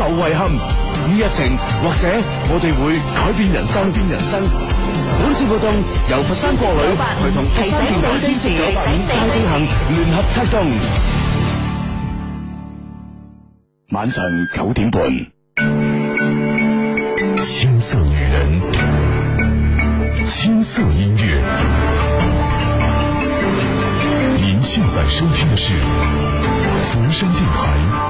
留遺憾，呢一程，或者我哋會改變人生，變人生。本次活動由佛山國旅佢同佛山電台城市旅遊行聯合出動。晚上九點半，青色女人，青色音樂。您現在收聽的是佛山電台。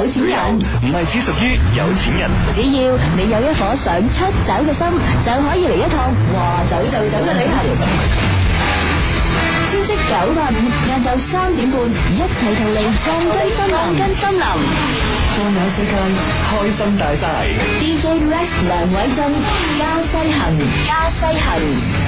有錢人唔係只屬於有錢人，只要你有一顆想出走嘅心，就可以嚟一趟話走就走嘅旅行。消息九八五晏晝三點半，一齊同你唱金森林。金森林，放眼世界開心大晒。DJ Rex 梁偉俊，加西行，加西行。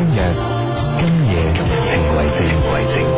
今日，今夜，今夜情為證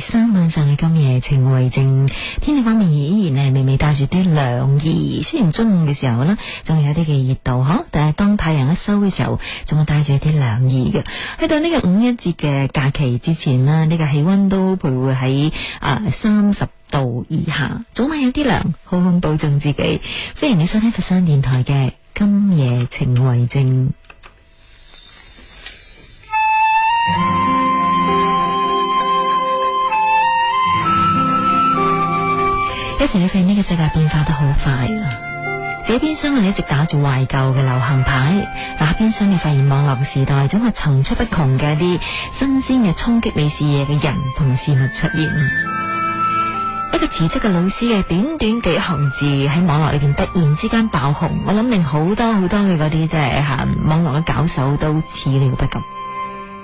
三晚上嘅今夜情為證，天氣方面依然係微微帶住啲涼意。雖然中午嘅時候啦，仲有啲嘅熱度，但係當太陽一收嘅時候，仲係帶住一啲涼意嘅。去到呢個五一節嘅假期之前啦，呢、呢個氣溫都徘徊喺啊三十度以下，早晚有啲涼，好好保重自己。歡迎你收聽佛山電台嘅今夜情為證。 你發現呢個世界變化得好快啊！這邊廂你一直打住懷舊嘅流行牌，那邊廂又發現網絡嘅時代總係層出不窮嘅一啲新鮮嘅衝擊你視野嘅人同事物出現。一個辭職嘅老師嘅短短幾行字喺網絡裏邊突然之間爆紅，我諗令好多好多嘅嗰啲即係行網絡嘅搞手都始料不及。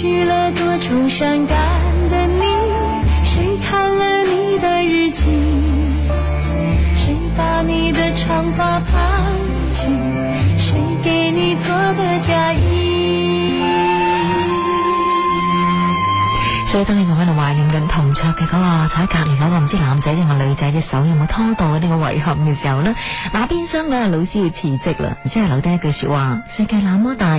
去了多愁善感的你，誰看了你的日記？誰把你的長髮盤起？誰給你做的嫁衣？所以當你仲喺度懷念緊同桌嘅嗰個坐喺隔籬嗰個唔、那個、知男仔定係女仔嘅手有冇拖到呢個遺憾嘅時候咧，那邊廂嘅老師要辭職啦，即係留低一句說話：世界那麼大。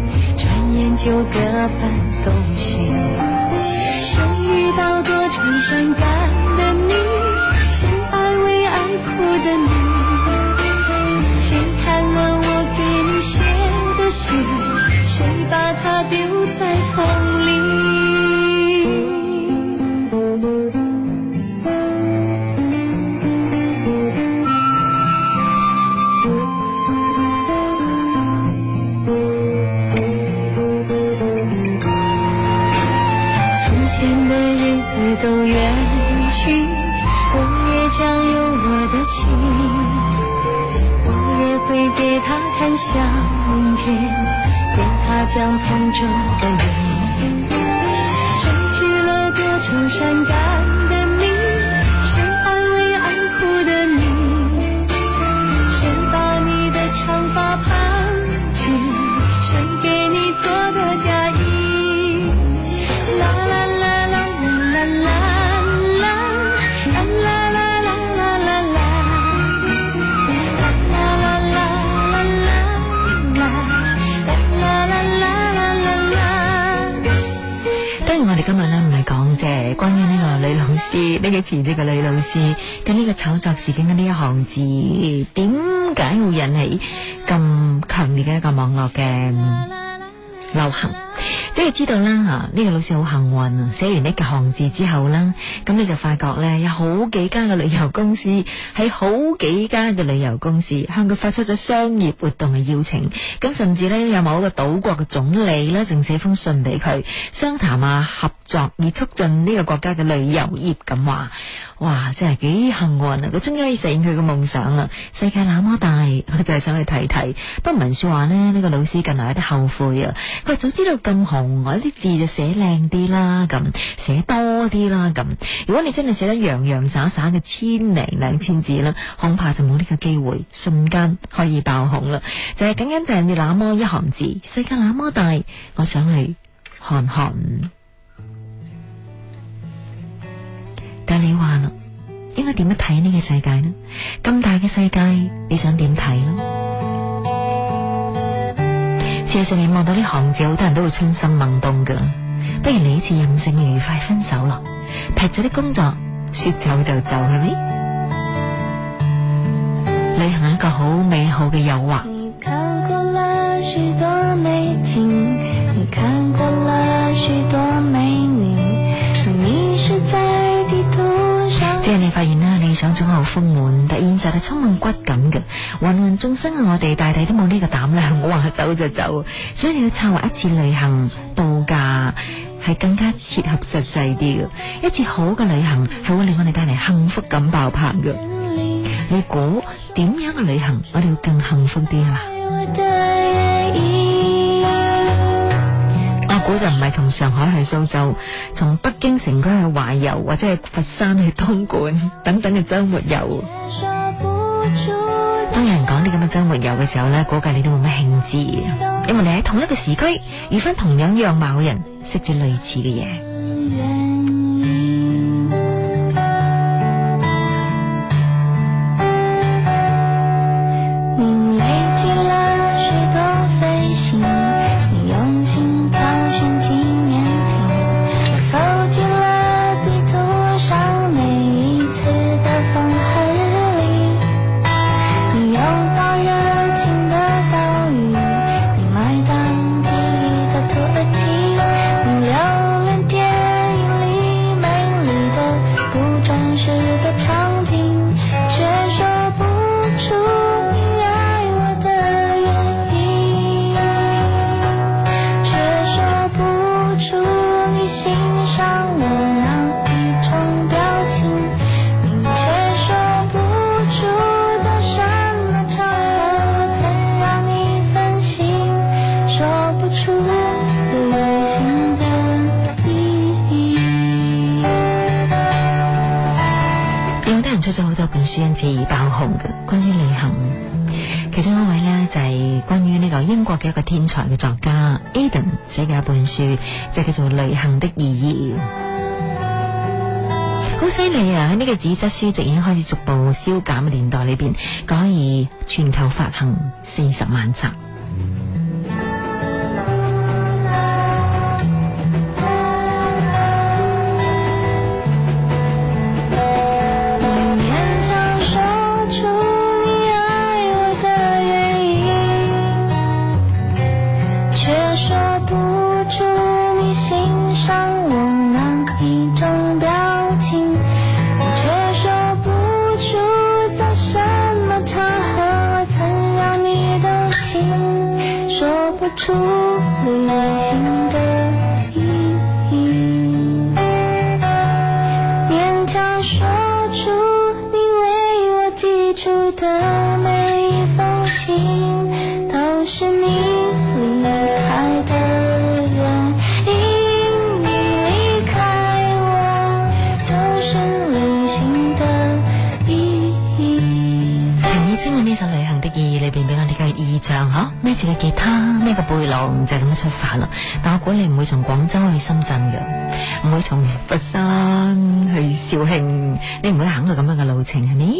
就各奔東西。誰遇到多愁善感的你，誰安慰愛哭的。事件嘅呢一行字，點解會引起咁強烈嘅一個網絡嘅流行？即係知道啦，吓、啊、呢、呢個老師好幸運啊！寫完呢個行字之後啦，咁你就發覺咧，有好幾間嘅旅遊公司，係好幾間嘅旅遊公司向佢發出咗商業活動嘅邀請，咁甚至咧有某一個島國嘅總理咧，仲寫封信俾佢商談啊合。作而促進呢個國家嘅旅遊業，咁話哇，真係幾幸運啊！佢終於可以實現佢嘅夢想啦。世界那麼大，我就係想去睇睇。不過，文說話咧，呢、呢個老師近嚟有啲後悔啊。佢早知道咁紅，我啲字就寫靚啲啦，咁寫多啲啦，咁如果你真係寫得洋洋灑灑嘅千零兩千字啦，恐怕就冇呢個機會，瞬間可以爆紅啦。就係僅僅就係你那麼一行字，世界那麼大，我想去看看。但你話啦，應該點樣睇呢個世界呢？咁大嘅世界，你想點睇咯？事實上面望到呢行字，好多人都會春心萌動噶。不如你一次任性愉快分手咯，撇咗啲工作，說走就走，係咪？旅行係一個好美好嘅誘惑。 即係你發現啦，理想總係好豐滿，但現實係充滿骨感嘅。芸芸眾生嘅我哋大抵都冇呢個膽量，我話走就走，所以你要策劃一次旅行度假係更加切合實際啲嘅。一次好嘅旅行係會令我哋帶嚟幸福感爆棚嘅。你估點樣嘅旅行我哋會更幸福啲啊？我就唔係從上海去蘇州，從北京城區去懷柔，或者係佛山去東莞等等嘅周末遊、 啊。當有人講啲咁嘅周末遊嘅時候呢，估計你都冇乜興致，因為你喺同一個時區，遇翻同樣樣貌嘅人，識住類似嘅嘢。寫嘅一本書就叫做《旅行的意義》。好犀利啊！喺呢個紙質書籍已經開始逐步消減嘅年代裏邊，可以全球發行四十萬冊。拎住個吉他，孭、這個背囊就係、是、咁樣出發啦。但我估你唔會從廣州去深圳嘅，唔會從佛山去肇慶，你唔會行到咁樣嘅路程係咪？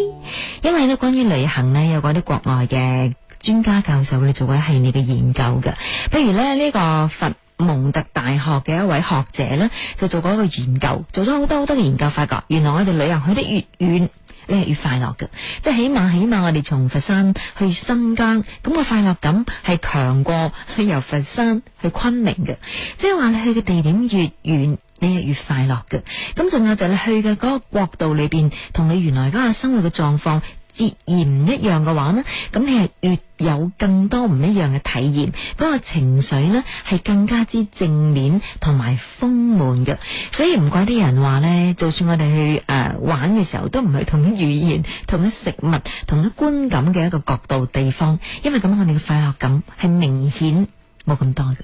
因為咧，關於旅行咧，有嗰啲國外嘅專家教授咧做過一系列嘅研究嘅，譬如咧呢、這個佛。蒙特大學嘅一位學者咧，就做過一個研究，做咗好多好多嘅研究，發覺原來我哋旅行去得越遠，你係越快樂嘅。即係起碼，起碼我哋從佛山去新疆，咁個快樂感係強過你由佛山去昆明嘅。即係話你去嘅地點越遠，你係越快樂嘅。咁仲有就係你去嘅嗰個國度裏邊，同你原來嗰個生活嘅狀況。截然唔一樣嘅話呢，咁你係越有更多唔一樣嘅體驗，嗰、那個情緒呢係更加之正面同埋豐滿嘅，所以唔怪啲人話呢，就算我哋去誒、呃、玩嘅時候都唔係同一語言，同一食物，同一觀感嘅一個角度地方，因為咁我哋嘅快樂感係明顯冇咁多嘅。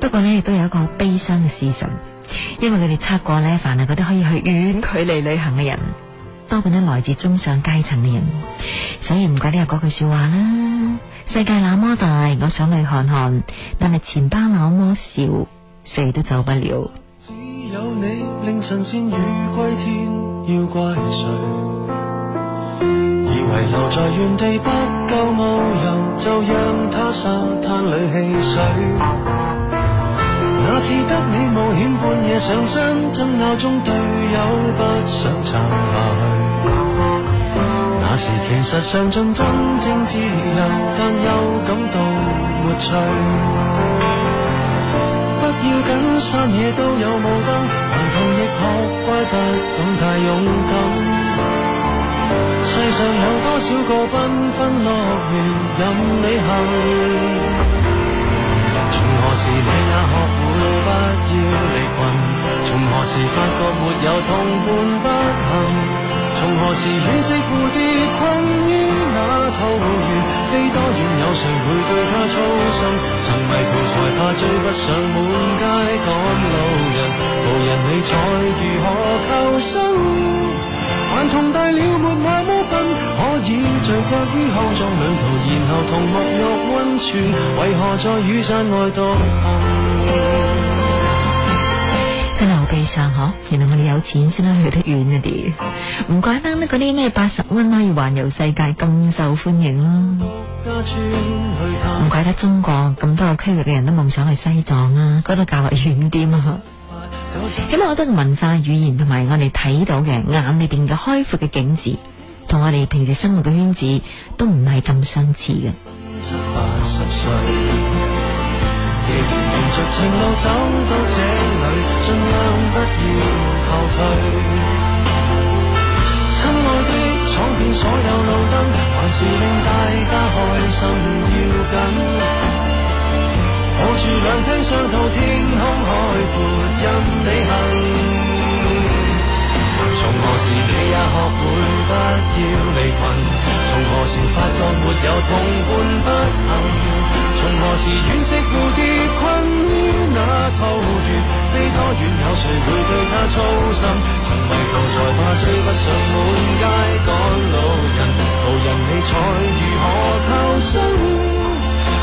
不過呢，亦都有一個好悲傷嘅事實。因為佢哋測過呢，凡係嗰啲可以去遠距離旅行嘅人，多半都來自中上階層嘅人，所以唔怪得有講句說話啦：世界那麼大，我想去看看，但係錢包那麼少，誰都走不了。只有你令神仙雨歸天，要怪誰？以為留在原地不夠遨遊，就讓他沙灘裏戲水。那次得你冒險半夜上山，爭拗中隊友不想撐下去。那時其實嚐盡真正自由，但又感到沒趣。不要緊，山野都有霧燈，頑童亦學乖，不敢太勇敢。世上有多少個繽紛樂園，任你行。從何時你也學會不要離群，啊，從何時發覺沒有同伴不行，從何時惋惜蝴蝶困於那桃源，飛多遠有誰會對它操心？曾迷途才怕追不上滿街趕路人，無人理睬如何求生？頑童大了沒那麼笨？可以聚腳於康莊旅途，然後同沐浴溫泉，為何在雨傘外獨行？真係好悲傷嗬！原來我哋有錢先得去得遠一啲，唔怪得呢啲咩八十蚊啦，環遊世界咁受歡迎啦。唔怪得中國咁多個區域嘅人都夢想去西藏啊，嗰度較為遠啲啊。咁啊，我覺得文化語言同埋我哋睇到嘅眼裏邊嘅開闊嘅景致。同我哋平時生活嘅圈子都唔係咁相似嘅。七八十歲，仍然沿住情路走到這裡，盡量不要後退。親愛的，撞遍所有路燈，還是令大家開心要緊。抱住兩廳雙套，天空海闊任你行。何時你也學會不要離群？從何時發覺沒有同伴不行？從何時惋惜蝴蝶困於那桃源？飛多遠有誰會對它操心？曾迷途才怕追不上滿街趕路人，無人理睬如何求生？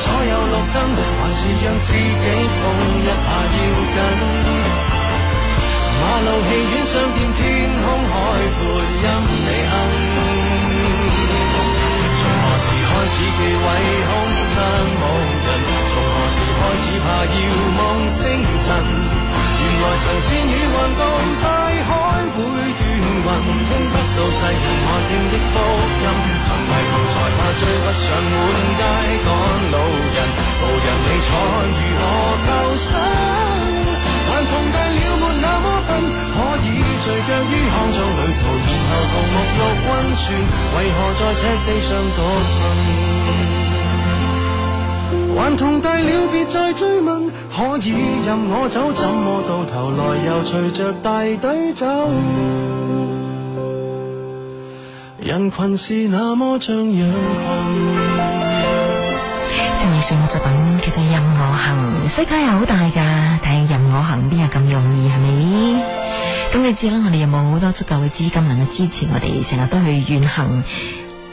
所有綠燈還是讓自己瘋一下要緊。馬路戲院商店天空海闊，任你行。從何時開始忌諱空山無人？從何時開始怕遙望星塵？原來神仙魚橫渡，大海會。命運聽不到世人愛聽的福音，曾迷途才怕追不上滿街趕路人，無人理睬，如何求生？頑童大了沒那麼笨，可以聚腳於康莊旅途，然後同沐浴溫泉，為何在赤地上獨行？頑童大了，別再追問，可以任我走，怎麼到頭來又隨着大隊走？人群是那麼像樣。正如上個作品，其實任我行，世界係好大噶，但係任我行邊有咁容易係咪？咁你知啦，我哋有冇好多足夠嘅資金，能夠支持我哋成日都去遠行。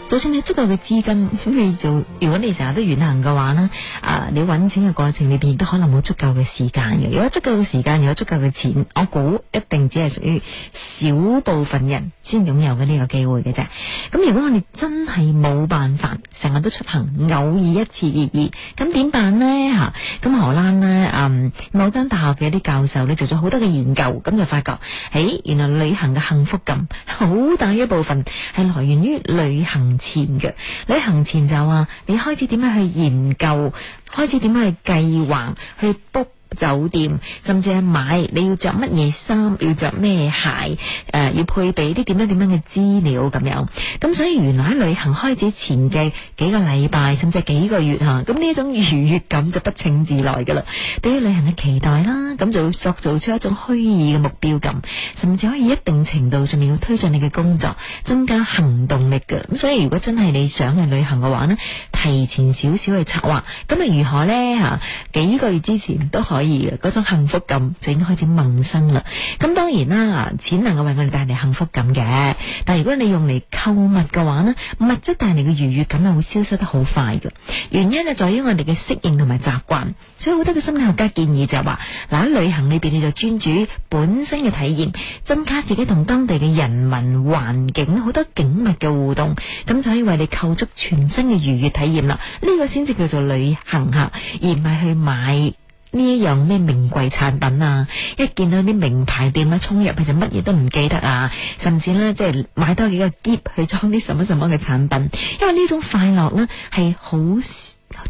就算你足夠嘅資金，咁你就如果你成日都遠行嘅話咧，啊，你揾錢嘅過程裏邊亦都可能冇足夠嘅時間嘅。如果足夠嘅時間，有足夠嘅錢，我估一定只係屬於少部分人先擁有嘅呢個機會嘅啫。咁如果我哋真係冇辦法成日都出行，偶爾一次而已，咁點辦咧吓？咁荷蘭咧，嗯，某間大學嘅一啲教授咧做咗好多嘅研究，咁就發覺，誒、欸，原來旅行嘅幸福感好大一部分係來源於旅行前嘅旅行前就話，你開始點樣去研究，開始點樣去計劃，去 book。酒店，甚至係買，你要着乜嘢衫，要着咩鞋，誒、呃，要配備啲點樣點樣嘅資料咁樣，咁所以原來喺旅行開始前嘅幾個禮拜，甚至係幾個月吓，咁呢種愉悅感就不請自來噶啦。對於旅行嘅期待啦，咁就會塑造出一種虛擬嘅目標感，甚至可以一定程度上面，會推進你嘅工作，增加行動力嘅。咁所以如果真係你想去旅行嘅話咧，提前少少去策劃，咁啊如何咧吓？幾個月之前都可以。嗰種幸福感就已經開始萌生啦。咁當然啦，錢能夠為我哋帶嚟幸福感嘅，但如果你用嚟購物嘅話呢，物質帶嚟嘅愉悅感係會消失得好快嘅。原因就在於我哋嘅適應同埋習慣。所以好多嘅心理學家建議就係話，嗱，喺旅行裏邊你就專注本身嘅體驗，增加自己同當地嘅人民、環境、好多景物嘅互動，咁就可以為你構築全新嘅愉悅體驗啦。呢個先至叫做旅行吓，而唔係去買。呢一樣咩名貴產品啊！一見到啲名牌店啊，衝入去就乜嘢都唔記得啊！甚至呢，即係買多幾個篋去裝啲什麼什麼嘅產品，因為呢種快樂呢係好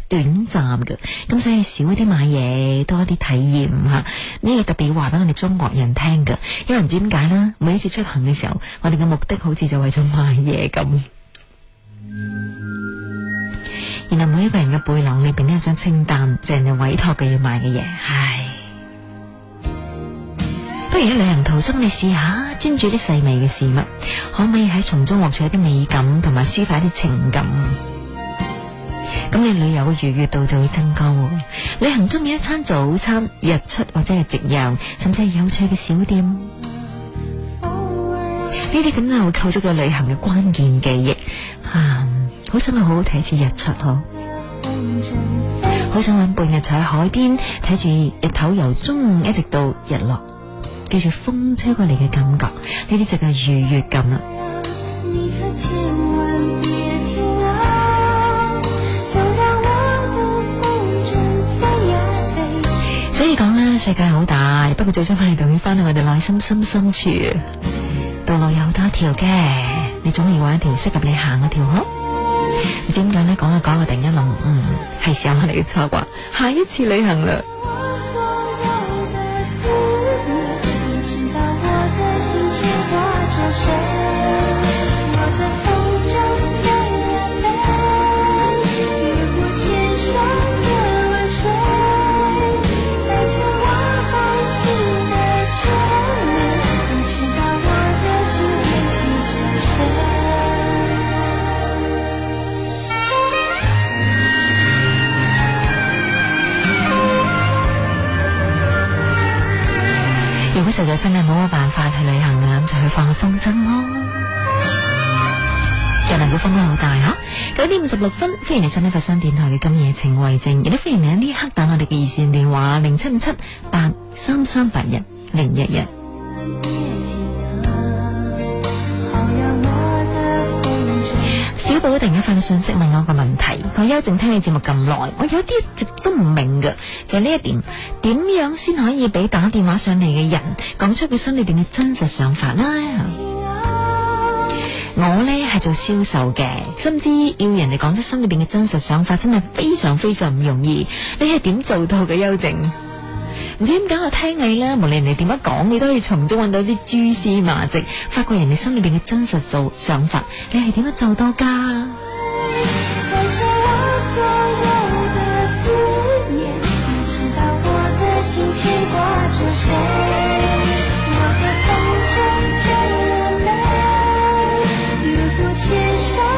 短暫嘅。咁所以少一啲買嘢，多啲體驗吓。呢個、嗯、特別話俾我哋中國人聽噶，因為唔知點解啦，每一次出行嘅時候，我哋嘅目的好似就為咗買嘢咁。嗯然後每一個人嘅背囊裏邊都有張清單，淨係你委託佢要買嘅嘢，唉。不如喺旅行途中你試下專注啲細微嘅事物，可唔可以喺從中獲取一啲美感，同埋抒發一啲情感？咁你旅遊嘅愉悅度就會增高。旅行中嘅一餐早餐、日出或者係夕陽，甚至係有趣嘅小店，呢啲咁樣會扣咗個旅行嘅關鍵記憶啊！好想去好好睇次日出，好，好、嗯、想搵半日坐喺海邊睇住日頭由中午一直到日落，記住風吹過嚟嘅感覺，呢啲就叫愉悅感啦。嗯嗯、所以講啦，世界好大，不過最終我哋就要翻去我哋內心深深處，道路有好多條嘅，你總要搵一條適合你行嘅條路。唔知點解咧，講下講下，突然間諗，嗯，係時候我哋要策劃下一次旅行啦。就真係冇乜辦法去旅行啊！就去放個風箏咯。今日個風力好大哈！九點五十六分，歡迎嚟聽呢佛山電台嘅《今夜情為證》，亦都歡迎你喺呢一刻打我哋嘅熱線電話零七五七八三三八一零一一。佢突然間發個信息，問我個問題，佢邱靜聽你節目咁耐，我有啲一直都唔明嘅，就係呢一點，點樣先可以俾打電話上嚟嘅人講出佢心裏邊嘅真實想法啦？我呢係做銷售嘅，甚至要人哋講出心裏邊嘅真實想法，真係非常非常唔容易。你係點做到嘅？邱靜。 唔知點解我聽你咧，無論人哋點樣講，你都可以從中揾到啲蛛絲馬迹，發掘人哋心裏邊嘅真實嘅想法。你係點樣做到㗎？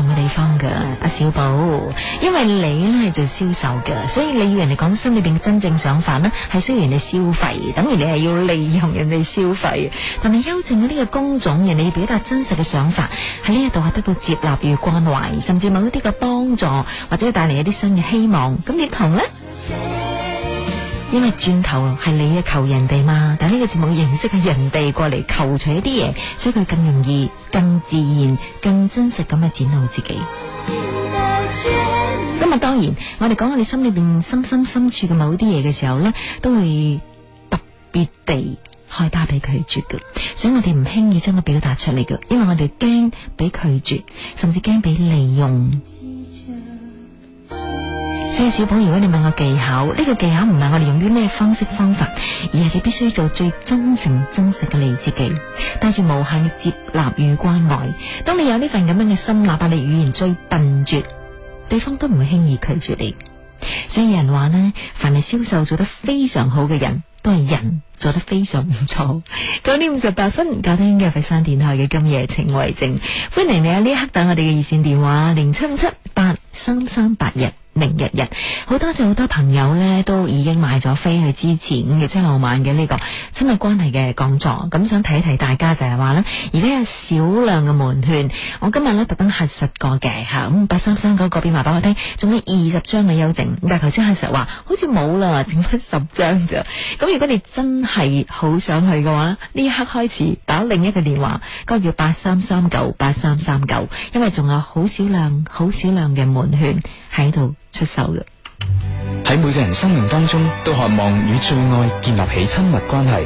方嘅阿小寶，因為你咧係做銷售嘅，所以你要人哋講心裏邊嘅真正想法咧，係需要人哋消費，等於你係要利用人哋消費。但係邱靜呢個工種，人哋要表達真實嘅想法，喺呢一度係得到接納與關懷，甚至某一啲嘅幫助，或者帶嚟一啲新嘅希望。咁點同呢？因為轉頭求係你嘅，求人哋嘛，但呢個節目形式係人哋過嚟求取一啲嘢，所以佢更容易、更自然、更真實咁去展露自己。咁啊，當然我哋講我哋心裏邊深深深處嘅某啲嘢嘅時候呢，都會特別地害怕俾拒絕，所以我哋唔輕易將佢表佢達出嚟嘅，因為我哋驚俾拒絕，甚至驚俾利用。所以，小寶，如果你問我技巧，呢個技巧唔係我哋用於咩方式方法，而係你必須做最真誠、真實嘅你自己，帶住無限嘅接納與關愛。當你有呢份咁樣嘅心，哪怕你語言最笨拙，對方都唔會輕易拒絕你。所以有人話咧，凡係銷售做得非常好嘅人，都係人做得非常唔錯。九點五十八分，教廳嘅佛山電台嘅今夜情為證，歡迎你喺呢刻等我哋嘅熱線電話零七五七八三三八一。明日日，好多謝好多朋友呢都已經買咗飛去支持五月七號晚嘅呢個親密關係嘅講座，咁、嗯、想提一提大家就係話呢而家有少量嘅門券，我今日呢特登核實過嘅吓，八三三九嗰邊話俾我聽，仲有二十張嘅優剩，但係頭先核實話好似冇啦，剩翻十張咋，咁、嗯、如果你真係好想去嘅話，呢一刻開始打另一個電話，嗰、嗰個、叫八三三九八三三九，9, 因為仲有好少量好少量嘅門券。喺度出手嘅。喺每個人生命當中，都渴望與最愛建立起親密關係，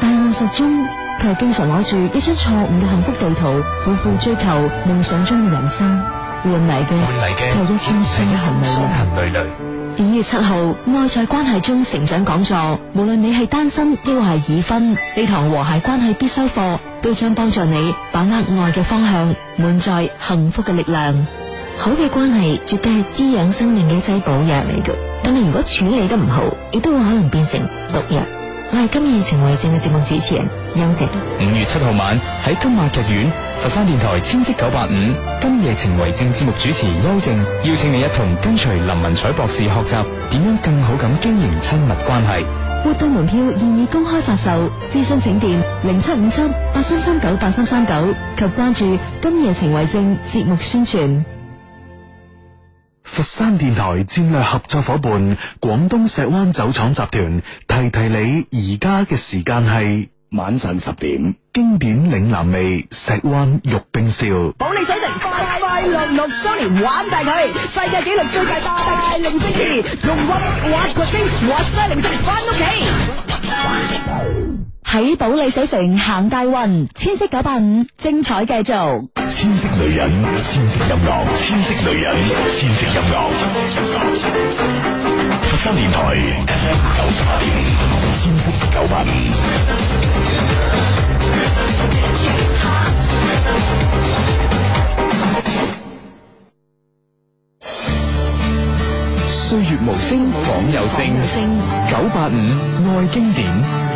但現實中卻經常攞住一張錯誤嘅幸福地圖，苦苦追求夢想中嘅人生，換嚟嘅，換嚟嘅，頭一次傷痕累累。五月七號，愛在關係中成長講座，無論你係單身亦或係已婚，呢堂和諧關係必修課都將幫助你把握愛嘅方向，滿載幸福嘅力量。好嘅關係絕對係滋養生命嘅一劑補藥嚟嘅，但係如果處理得唔好，亦都會可能變成毒藥。我係今夜情為證嘅節目主持人邱靜。五月七號晚喺金馬劇院，佛山電台千色九八五，今夜情為證節目主持邱靜邀請你一同跟隨林文采博士學習點樣更好咁經營親密關係。活動門票現已公開發售，諮詢請電零七五七八三三九八三三九及關注今夜情為證節目宣傳。佛山電台戰略合作夥伴廣東石灣酒廠集團提提你，而家嘅時間係晚上十點。經典嶺南味，石灣玉冰燒。保利水城快快樂樂新年玩大佢，世界紀錄最大大大零食池，用運玩滑滑梯，玩晒零食翻屋企。喺保利水城行大運，千色九八五精彩繼續。千色女人，千色音樂，千色女人，千色音樂。佛山電台 FM 九十八點五，千色九八五。歲月無聲，仿有聲。九八五愛經典。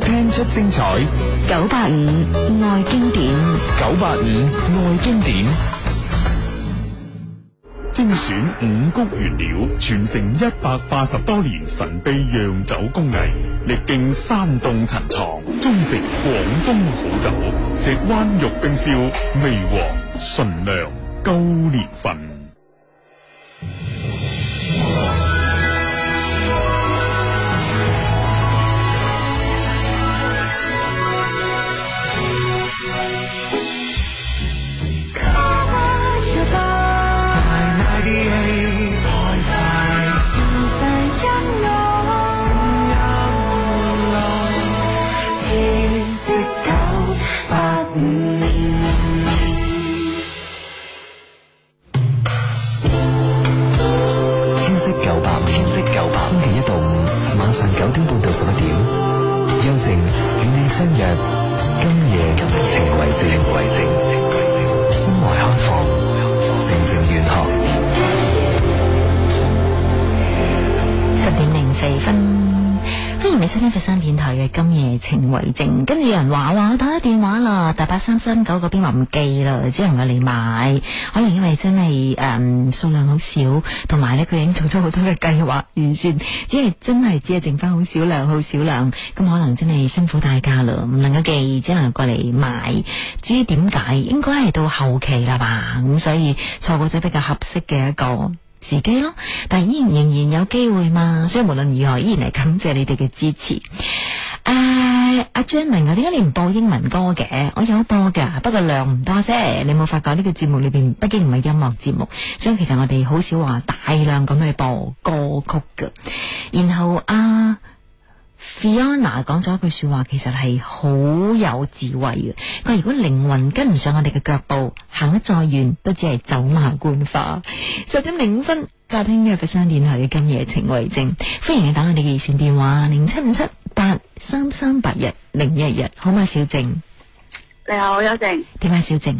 聽出精彩，九八五愛經典，九八五愛經典，精選五穀原料，傳承一百八十多年神秘釀酒工藝，歷經三洞陳藏，中式廣東好酒，石灣玉冰燒，味和醇良，高年份。為證，跟住有人話，話我打咗電話啦，大八三三九嗰邊話唔寄啦，只能夠嚟買。可能因為真係誒、呃、數量好少，同埋呢，佢已經做咗好多嘅計劃預算，只係真係只係剩翻好少量，好少量，咁可能真係辛苦大家啦，唔能夠寄，只能夠過嚟買。至於點解，應該係到後期啦吧，咁所以錯過咗比較合適嘅一個。時機咯，但係依然仍然有機會嘛，所以無論如何依然係感謝你哋嘅支持。誒，阿張明啊，點解你唔播英文歌嘅？我有播㗎，不過量唔多啫。你冇發覺呢個節目裏邊畢竟唔係音樂節目，所以其實我哋好少話大量咁去播歌曲嘅。然後啊。Fiona 講咗一句說話，其實係好有智慧嘅。佢如果靈魂跟唔上我哋嘅腳步，行得再遠都只係走馬觀花。十點零五分，家廳嘅佛山電台嘅今夜情為證，歡迎你打我哋嘅熱線電話零七五七八三三八一零一一。11, 11, 好嘛？小靜，你好，邱靜，點啊？小靜，誒、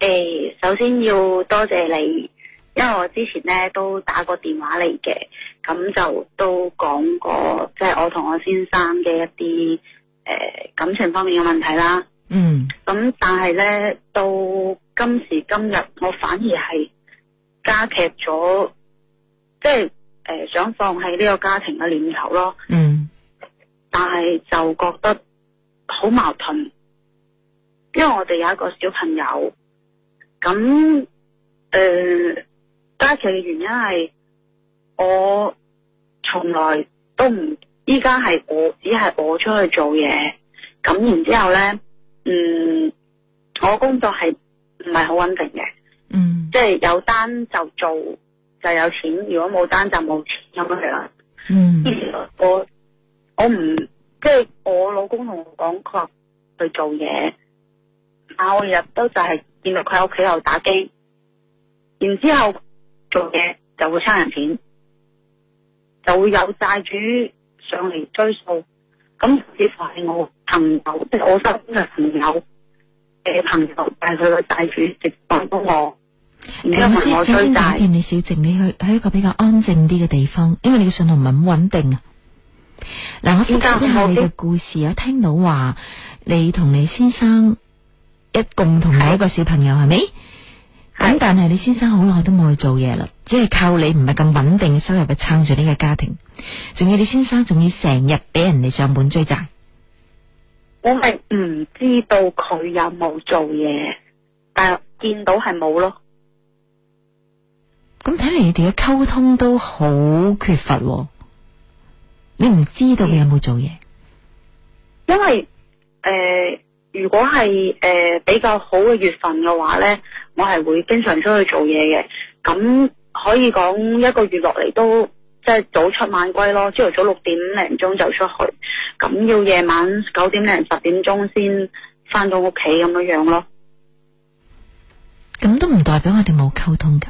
欸，首先要多謝,謝你，因為我之前呢都打過電話嚟嘅。咁就都講過，即係我同我先生嘅一啲誒感情方面嘅問題啦。嗯。咁但係咧，到今時今日，我反而係加劇咗，即係誒想放棄呢個家庭嘅念頭咯。嗯。但係就覺得好矛盾，因為我哋有一個小朋友，咁誒加劇嘅原因係。我從來都唔依家係我，只係我出去做嘢。咁然之後咧，嗯，我工作係唔係好穩定嘅，嗯，即係有單就做就有錢，如果冇單就冇錢咁樣樣。嗯，我我唔即係我老公同我講，佢去做嘢，但我日日都就係見到佢喺屋企又打機，然之後做嘢就會差人錢。就會有債主上嚟追數，咁似乎係我朋友，即係我身邊嘅朋友，嘅朋友帶佢去債主直問咗我。我先，我先打電你，小靜，你去喺一個比較安靜啲嘅地方，因為你嘅信號唔係咁穩定啊。嗱，我複述一下你嘅故事啊，聽到話你同你先生一共同有一個小朋友，係咪？咁但係你先生好耐都冇去做嘢啦，只係靠你唔係咁穩定嘅收入去撐住呢個家庭，仲要你先生仲要成日俾人哋上門追債。我係唔知道佢有冇做嘢，但係見到係冇咯。咁睇嚟你哋嘅溝通都好缺乏。哦，你唔知道佢有冇做嘢，因為誒。呃如果係誒、呃、比較好嘅月份嘅話呢，我係會經常出去做嘢嘅。咁可以講一個月落嚟都即係早出晚歸咯，朝頭早六點零鐘就出去，咁要夜晚九點零十點鐘先翻到屋企咁樣樣咯。咁都唔代表我哋冇溝通噶，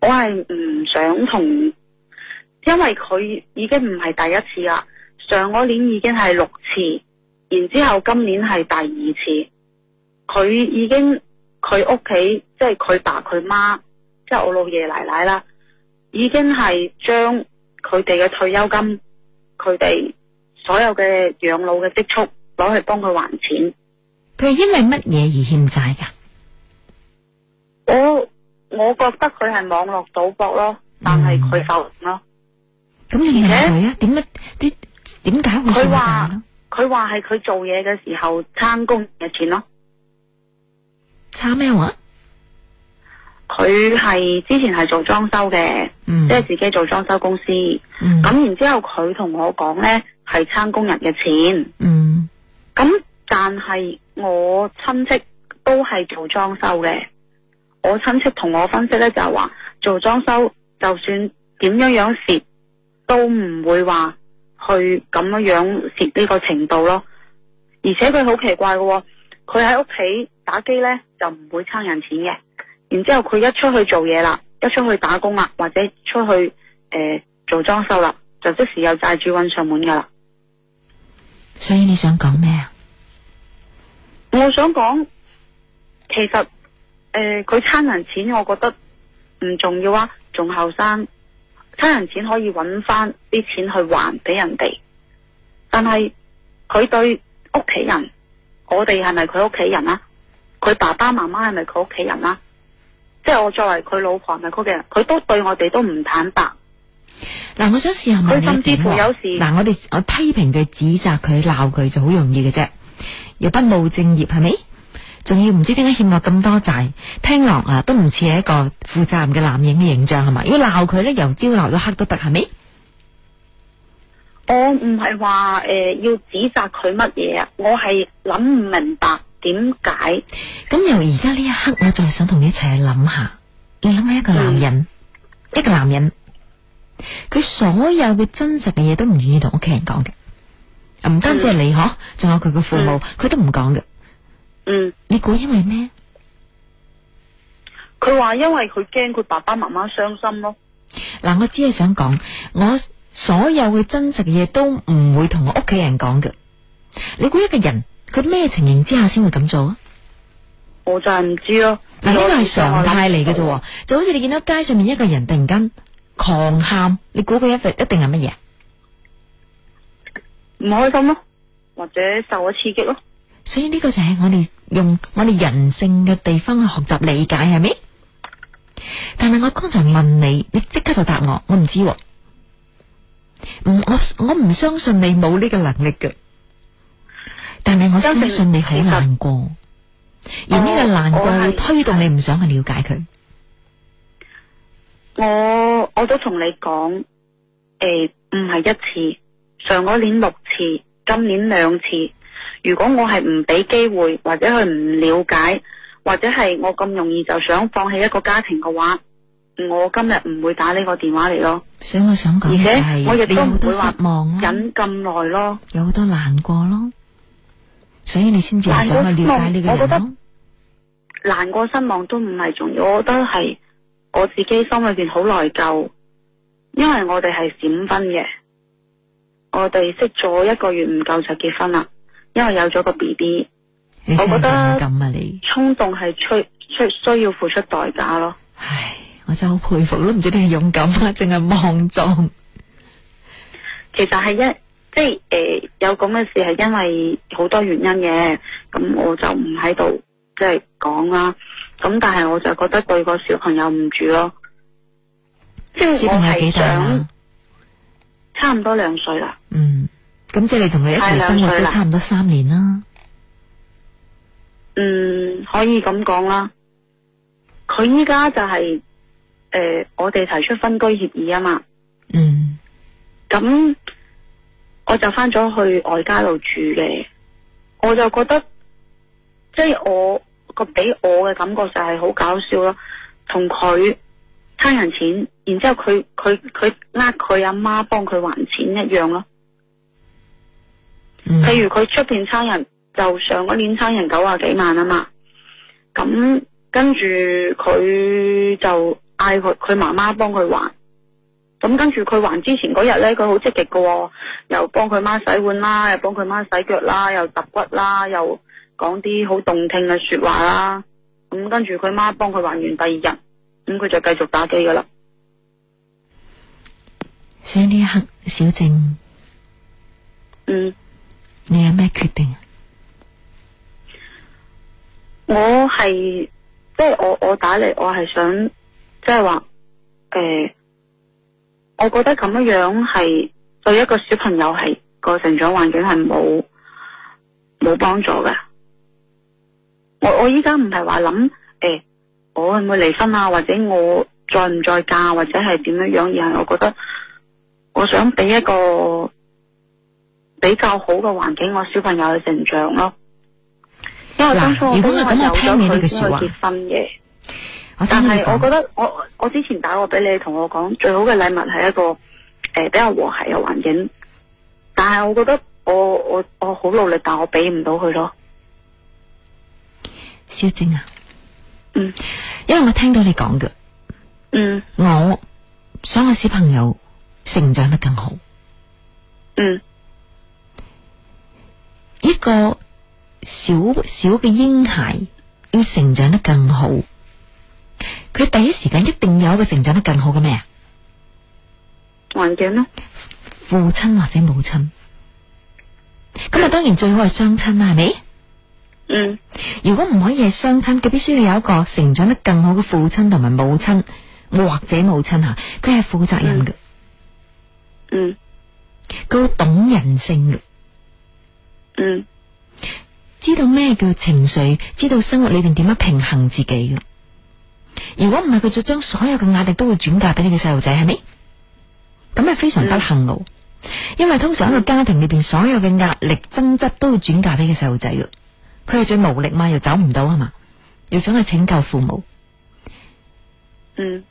我係唔想同，因為佢已經唔係第一次啦，上嗰年已經係六次。然之後今年係第二次，佢已經佢屋企即係佢爸佢媽，即係我老爺奶奶啦，已經係將佢哋嘅退休金、佢哋所有嘅養老嘅積蓄攞去幫佢還錢。佢係因為乜嘢而欠債噶我我覺得佢係網絡賭博咯，嗯、但係佢受人咯。咁你問佢啊？點乜啲點解會欠佢話係佢做嘢嘅時候，差工人嘅錢咯。差咩話？佢係之前係做裝修嘅，嗯、即係自己做裝修公司。咁然、嗯、之後佢同我講呢係差工人嘅錢。嗯。咁但係我親戚都係做裝修嘅，我親戚同我分析呢，就係、是、話做裝修就算點樣樣蝕，都唔會話。去咁樣樣蝕呢個程度咯，而且佢好奇怪嘅，佢喺屋企打機呢，就唔會差人錢嘅，然之後佢一出去做嘢啦，一出去打工啦，或者出去誒、呃、做裝修啦，就即時有債主揾上門噶啦。所以你想講咩啊？我想講，其實呃、佢差人錢，我覺得唔重要啊，仲後生。親人錢可以搵翻啲錢去還俾人哋，但係佢對屋企人，我哋係咪佢屋企人啊？佢爸爸媽媽係咪佢屋企人啊？即係我作為佢老婆係咪佢屋企人？佢都對我哋都唔坦白。嗱，我想試下問你。佢甚至乎有時嗱，我哋我批評佢、指責佢、鬧佢就好容易嘅啫，又不務正業係咪？仲要唔知點解欠我咁多債，聽落啊都唔似係一個負責任嘅男人嘅形象係嘛？如果鬧佢咧，由朝鬧到黑都得係咪？我唔係話誒要指責佢乜嘢啊，我係諗唔明白點解。咁由而家呢一刻，我就係想同你一齊去諗下。你諗下一個男人，嗯、一個男人，佢所有嘅真實嘅嘢都唔願意同屋企人講嘅，唔單止係你嗬，仲、嗯、有佢嘅父母，佢、嗯、都唔講嘅。嗯，你估因為咩？佢話因為佢驚佢爸爸媽媽傷心咯。嗱，我只係想講，我所有嘅真實嘅嘢,都唔會同我屋企人講嘅。你估一個人佢咩情形之下先會咁做啊？我就係唔知咯。嗱，呢個係常態嚟嘅啫，就好似你見到街上面一個人突然間狂喊，你估佢一一定係乜嘢？唔開心咯，或者受咗刺激咯。所以呢個就係我哋。用我哋人性嘅地方去學習理解係咪？但係我剛才問你，你即刻就答我，我唔知、啊。唔，我我唔相信你冇呢個能力嘅。但係我相信你好難過，在而呢個難過會、哦、推動你唔想去了解佢。我我都同你講，誒、呃，唔係一次，上個年六次，今年兩次。如果我係唔俾機會，或者佢唔了解，或者係我咁容易就想放棄一個家庭嘅話，我今日唔會打呢個電話嚟咯。所以我想講嘅係，我亦都你好多失望啊，忍咁耐咯，有好多難過咯，所以你先至想去了解呢個人。難過，我覺得難過失望都唔係重要，我覺得係我自己心裏邊好內疚，因為我哋係閃婚嘅，我哋識咗一個月唔夠就結婚啦。因為有咗個 B B，啊、我覺得咁啊，你衝動係需需需要付出代價咯。唉，我真係好佩服，都唔知你係勇敢啊，淨係莽撞。其實係一即係誒、呃，有咁嘅事係因為好多原因嘅。咁我就唔喺度即係講啦。咁但係我就覺得對個小朋友唔住咯。即係我係想差唔多兩歲啦。嗯。咁即係你同佢一齊生活都差唔多三年啦。嗯，可以咁講啦。佢依家就係、是、誒、呃，我哋提出分居協議啊嘛。嗯。咁，我就翻咗去外家度住嘅。我就覺得，即、就、係、是、我個俾我嘅感覺就係好搞笑咯。同佢差人錢，然之後佢佢佢呃佢阿媽幫佢還錢一樣咯。譬、嗯、如佢出面差人就上一年差人九啊幾萬啊嘛，咁、嗯、跟住，佢就嗌佢佢媽媽幫佢還，咁、嗯、跟住佢還之前嗰日咧，佢好積極嘅、哦，又幫佢媽洗碗啦，又幫佢媽洗腳啦，又揼骨啦，又講啲好動聽嘅說話啦，咁、嗯、跟住佢媽幫佢還完第二日，咁、嗯、佢就繼續打機噶啦。想呢一刻，小靜，嗯。你有咩決定？我係即係我我打嚟，我係想即係話，誒、就是呃，我覺得咁樣樣係對一個小朋友係、個成長環境係冇冇幫助噶。我我依家唔係話諗誒，我會唔會離婚啊？或者我再唔再嫁或者係點樣樣？而係我覺得，我想俾一個。比較好嘅環境，我小朋友去成長咯。因為如果係咁，我聽你嘅說話。但係我覺得我，我我之前打過俾你，同我講最好嘅禮物係一個誒、呃、比較和諧嘅環境。但係我覺得我我我好努力，但我俾唔到佢咯。蕭晶啊，嗯，因為我聽到你講嘅，嗯，我想我小朋友成長得更好，嗯。一個小小嘅嬰孩要成長得更好，佢第一時間一定有一個成長得更好嘅咩？環境咯，父親或者母親。咁啊，當然最好係雙親啦，係咪？嗯。如果唔可以係雙親，佢必須要有一個成長得更好嘅父親同埋母親，或者母親吓，佢係負責任嘅。嗯。嗯。佢好懂人性嘅。嗯，知道咩叫情緒？知道生活裏邊點樣平衡自己嘅？如果唔係佢就將所有嘅壓力都會轉嫁俾呢個細路仔，係咪？咁係非常不幸咯，因為通常一個家庭裏邊所有嘅壓力爭執都會轉嫁俾個細路仔嘅，佢係最無力嘛，又走唔到啊嘛，又想去拯救父母。嗯，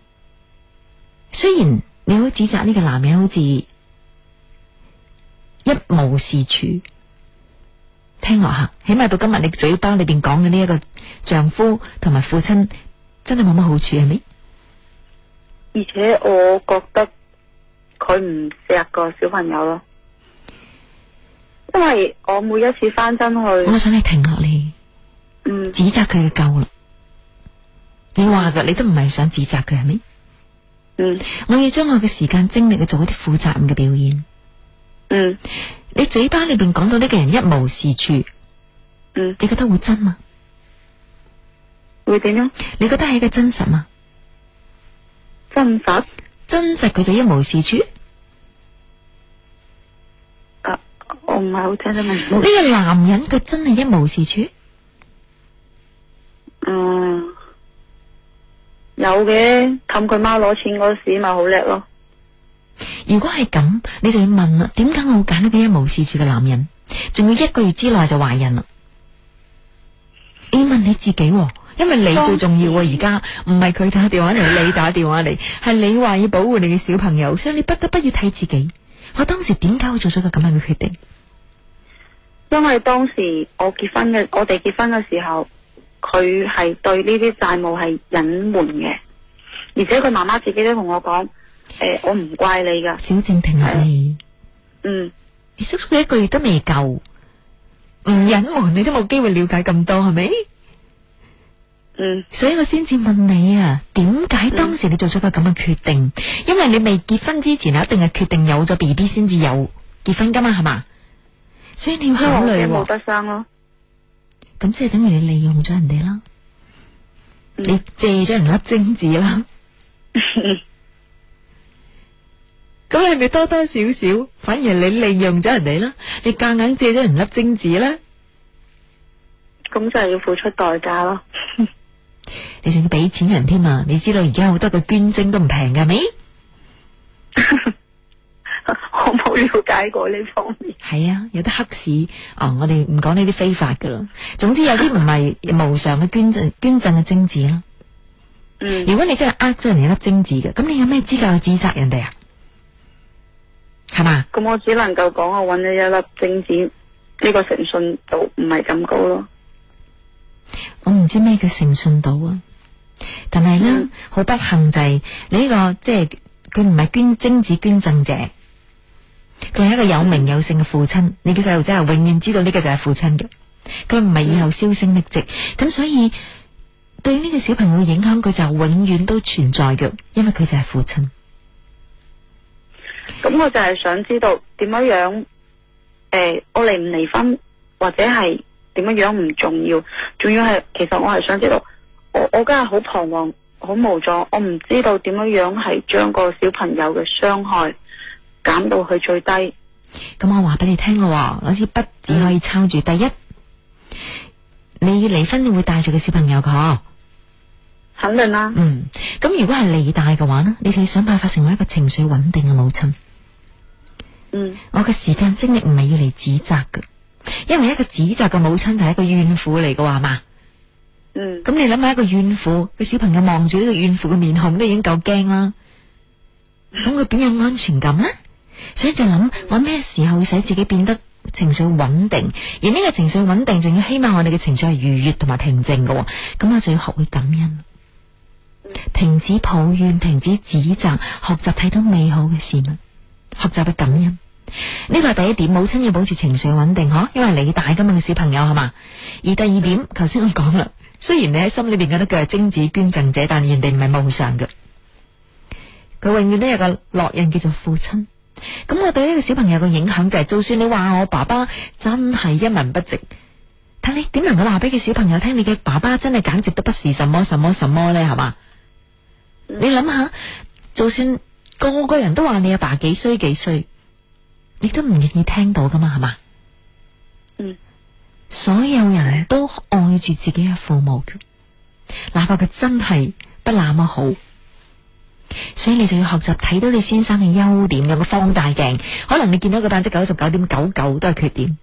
雖然你好指責呢個男人好似一無是處。聽落下，起碼到今日你嘴巴裏邊講嘅呢一個丈夫同埋父親，真係冇乜好處係咪？而且我覺得佢唔適合個小朋友咯，因為我每一次翻身去，我想你停落嚟，嗯，指責佢嘅夠咯，你話噶，你都唔係想指責佢係咪？嗯，我要將我嘅時間精力去做一啲負責任嘅表現，嗯。你嘴巴裏邊講到呢個人一無是處，嗯，你覺得會真嗎？會點樣？你覺得係一個真實嗎？真實？真實佢就一無是處。啊，我唔係好聽得明。呢個男人佢真係一無是處。嗯，有嘅，氹佢媽攞錢嗰時咪好叻咯。如果係咁，你就要問啦，點解我揀呢個一無是處嘅男人，仲要一個月之內就懷孕啦？你、欸、要問你自己、哦，因為你最重要啊！而家唔係佢打電話嚟，你打電話嚟，係你話要保護你嘅小朋友，所以你不得不要睇自己。我當時點解會做咗個咁樣嘅決定？因為當時我結婚嘅，我哋結婚嘅時候，佢係對呢啲債務係隱瞞嘅，而且佢媽媽自己都同我講。誒、欸，我唔怪你噶，小靜停你、欸，嗯，你識咗一個月都未夠，唔忍喎，你都冇機會了解咁多係咪？嗯，所以我先至問你啊，點解當時你做咗個咁嘅決定？因為你未結婚之前，一定係決定有咗 B B 先至有結婚噶嘛，係嘛？所以你要考慮冇得生喎。咁即係等於你利用咗人哋啦，嗯、你借咗人粒精子啦。 咁係咪多多少少，反而你利用咗人哋啦？你夾硬借咗人粒精子咧？咁就係要付出代價咯。 你仲要俾錢人添啊？你知道而家好多個捐精都唔平噶未？ 我冇了解過呢方面。係啊，有啲黑市啊、哦，我哋唔講呢啲非法噶啦。總之有啲唔係無償嘅捐贈捐贈嘅精子啦。嗯，如果你真係呃咗人粒精子嘅，咁你有咩資格去指責人哋啊？係嘛？咁我只能夠講，我搵咗一粒精子，呢、這個誠信度唔係咁高咯。我唔知咩叫誠信度啊，但係咧好不幸就係、是、你呢、這個即係佢唔係捐精子捐贈者，佢係一個有名有姓嘅父親。你嘅細路仔係，永遠知道呢個就係父親嘅，佢唔係以後銷聲匿跡，咁所以對呢個小朋友嘅影響，佢就永遠都存在嘅，因為佢就係父親。咁我就係想知道點樣樣，誒、呃，我離唔離婚或者係點樣樣唔重要，仲要係其實我係想知道，我我家係好彷徨，好無助，我唔知道點樣樣係將個小朋友嘅傷害減到去最低。咁我話俾你聽嘅，攞支筆只可以抄住，第一，你要離婚你會帶住個小朋友嘅嗬。肯定啦。嗯，咁如果係力大嘅話呢，你就想辦法成為一個情緒穩定嘅母親。嗯，我嘅時間精力唔係要嚟指責嘅，因為一個指責嘅母親就係一個怨婦嚟嘅，係嘛？嗯，咁你諗下一個怨婦，個小朋友望住呢個怨婦嘅面孔都已經夠驚啦。咁佢點有安全感呢？所以就諗，我咩時候會使自己變得情緒穩定？而呢個情緒穩定，仲要希望我哋嘅情緒係愉悅同埋平靜嘅。咁我就要學會感恩。停止抱怨，停止指責，學習睇到美好嘅事物，學習嘅感恩。呢個係第一點，母親要保持情緒穩定，嗬，因為你大咁樣嘅小朋友係嘛。而第二點，頭先我講啦，雖然你喺心裏邊覺得佢係精子捐贈者，但人哋唔係無償嘅，佢永遠都有個烙印叫做父親。咁我對呢個小朋友嘅影響就係、是，就算你話我爸爸真係一文不值，但你點能夠話俾佢小朋友聽，你嘅爸爸真係簡直都不是什麼什麼什麼呢，係嘛？你諗下，就算個個人都話你阿爸幾衰幾衰，你都唔願意聽到噶嘛？係嘛？嗯，所有人都愛住自己嘅父母，哪怕佢真係不那麼好。所以你就要學習睇到你先生嘅優點，有個放大鏡。可能你見到佢百分之九十九點九九都係缺點，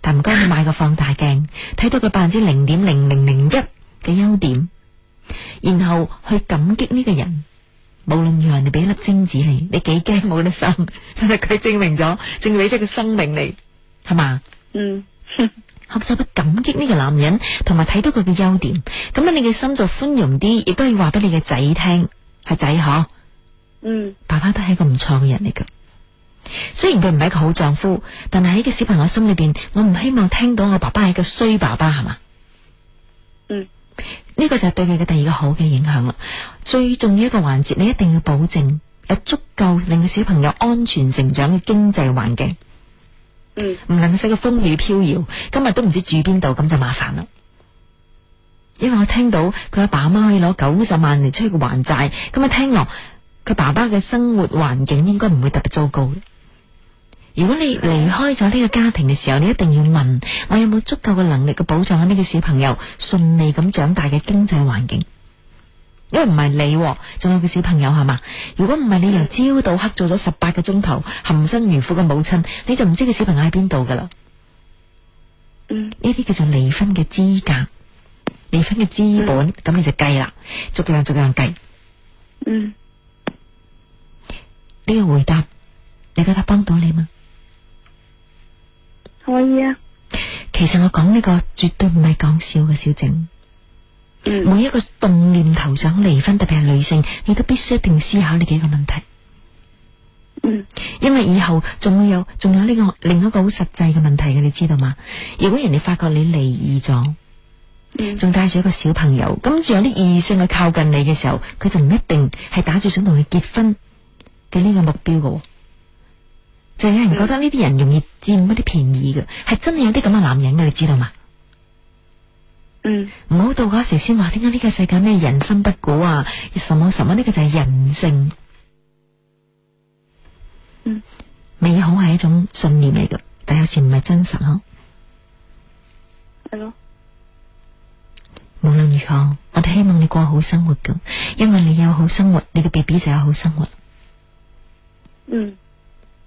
但唔該你買個放大鏡，睇到佢百分之零點零零零一嘅優點。然後去感激呢個人，無論如何，人哋俾一粒精子你，你幾驚冇得生，但係佢證明咗，證明咗佢生命嚟，係嘛？嗯， 學習去感激呢個男人，同埋睇到佢嘅優點，咁樣你嘅心就寬容啲，亦都要話俾你嘅仔聽，係仔嗬？嗯，爸爸都係一個唔錯嘅人嚟噶，雖然佢唔係一個好丈夫，但係喺個小朋友心裏邊，我唔希望聽到我爸爸係一個衰爸爸，係嘛？呢個就係對佢嘅第二個好嘅影響啦。最重要一個環節，你一定要保證有足夠令個小朋友安全成長嘅經濟環境。嗯，唔能使佢風雨飄搖，今日都唔知住邊度，咁就麻煩啦。因為我聽到佢阿爸阿媽可以攞九十萬嚟，出去還債，咁啊聽落，佢爸爸嘅生活環境應該唔會特別糟糕。如果你離開咗呢個家庭嘅時候，你一定要問我有冇足夠嘅能力嘅保障喺呢個小朋友順利咁長大嘅經濟環境，因為唔係你，仲有個小朋友係嘛？如果唔係你由朝到黑做咗十八個鐘頭，含辛茹苦嘅母親，你就唔知個小朋友喺邊度噶啦。嗯，呢啲叫做離婚嘅資格，離婚嘅資本，咁、嗯、你就計啦，逐樣逐樣計。嗯，呢個回答你覺得幫到你嗎？可以啊，其實我講呢個絕對唔係講笑嘅，小靜。嗯，每一個動念頭想離婚，特別係女性，你都必須一定思考呢幾個問題。嗯，因為以後仲會有仲有呢個另一個好實際嘅問題嘅，你知道嘛？如果人哋發覺你離異咗，仲帶住一個小朋友，咁仲有啲異性去靠近你嘅時候，佢就唔一定係打住想同你結婚嘅呢個目標嘅。就有人覺得呢啲人容易佔嗰啲便宜嘅，係真係有啲咁嘅男人嘅，你知道嘛？嗯，唔好到嗰時先話，點解呢個世界咩人心不古啊？什麼什麼，呢個就係人性。嗯，美好係一種信念嚟嘅，但有時唔係真實咯。係咯。嗯、無論如何，我哋希望你過好生活嘅，因為你有好生活，你嘅 B B 就有好生活。嗯。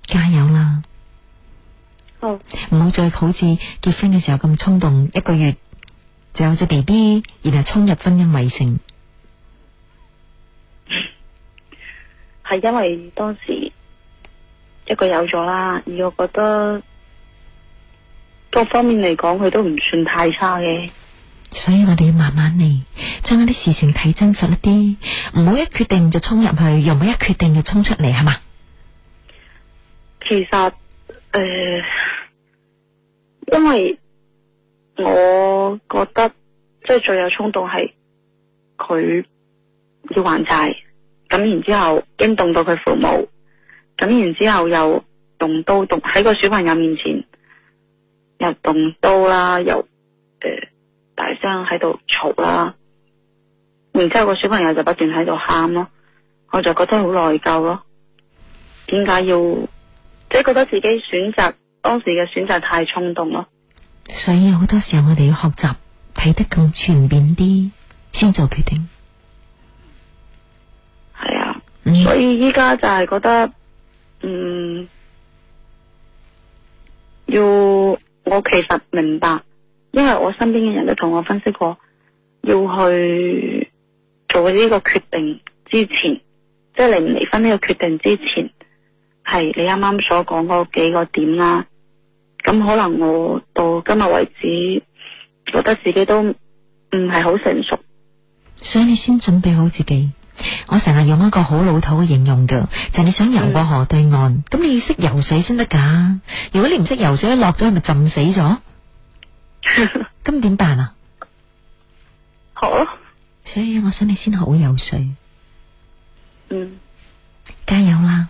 加油啦！唔好、oh. 再好似結婚嘅時候咁衝動，一個月就有隻 B B，然後衝入婚姻圍城，係 因為當時一個有咗啦，而我覺得各方面嚟講，佢都唔算太差嘅。所以我哋要慢慢嚟，將一啲事情睇真實一啲，唔好一決定就衝入去，又唔好一決定就衝出嚟，係嘛？其實誒、呃，因為我覺得即係最有衝動係佢要還債，咁然之後驚動到佢父母，咁然之後，後又動刀動喺個小朋友面前又動刀啦，又誒、呃、大聲喺度嘈啦，然之後個小朋友就不斷喺度喊咯，我就覺得好內疚咯，點解要？即係覺得自己選擇當時嘅選擇太衝動咯，所以好多時候我哋要學習，睇得更全面啲先做決定。係啊，嗯，所以依家就係覺得，嗯，要我其實明白，因為我身邊嘅人都同我分析過，要去做呢個決定之前，即係離唔離婚呢個決定之前。係你啱啱所講嗰幾個點啦、啊，咁可能我到今日為止，覺得自己都唔係好成熟，所以你先準備好自己。我成日用一個好老土嘅形容嘅，就係，你想游過河對岸，咁，嗯、你要識游水先得噶。如果你唔識游水，一落咗係咪浸死咗？咁點 辦啊？好， 所以我想你先學好游水。嗯，加油啦！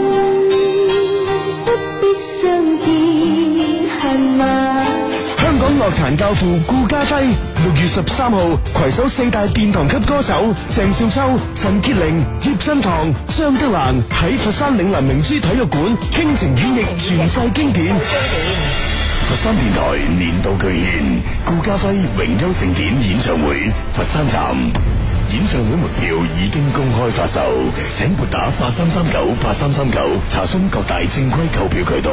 樂壇教父顧嘉輝，六月十三號，携手四大殿堂級歌手鄭少秋、陳潔靈、葉振棠、張德蘭，喺佛山嶺南明珠體育館傾情演繹傳世經典。經典佛山電台年度巨獻顧嘉輝榮休盛典演唱會佛山站。演唱會門票已經公開發售，請撥打八三三九八三三九查詢各大正規購票渠道。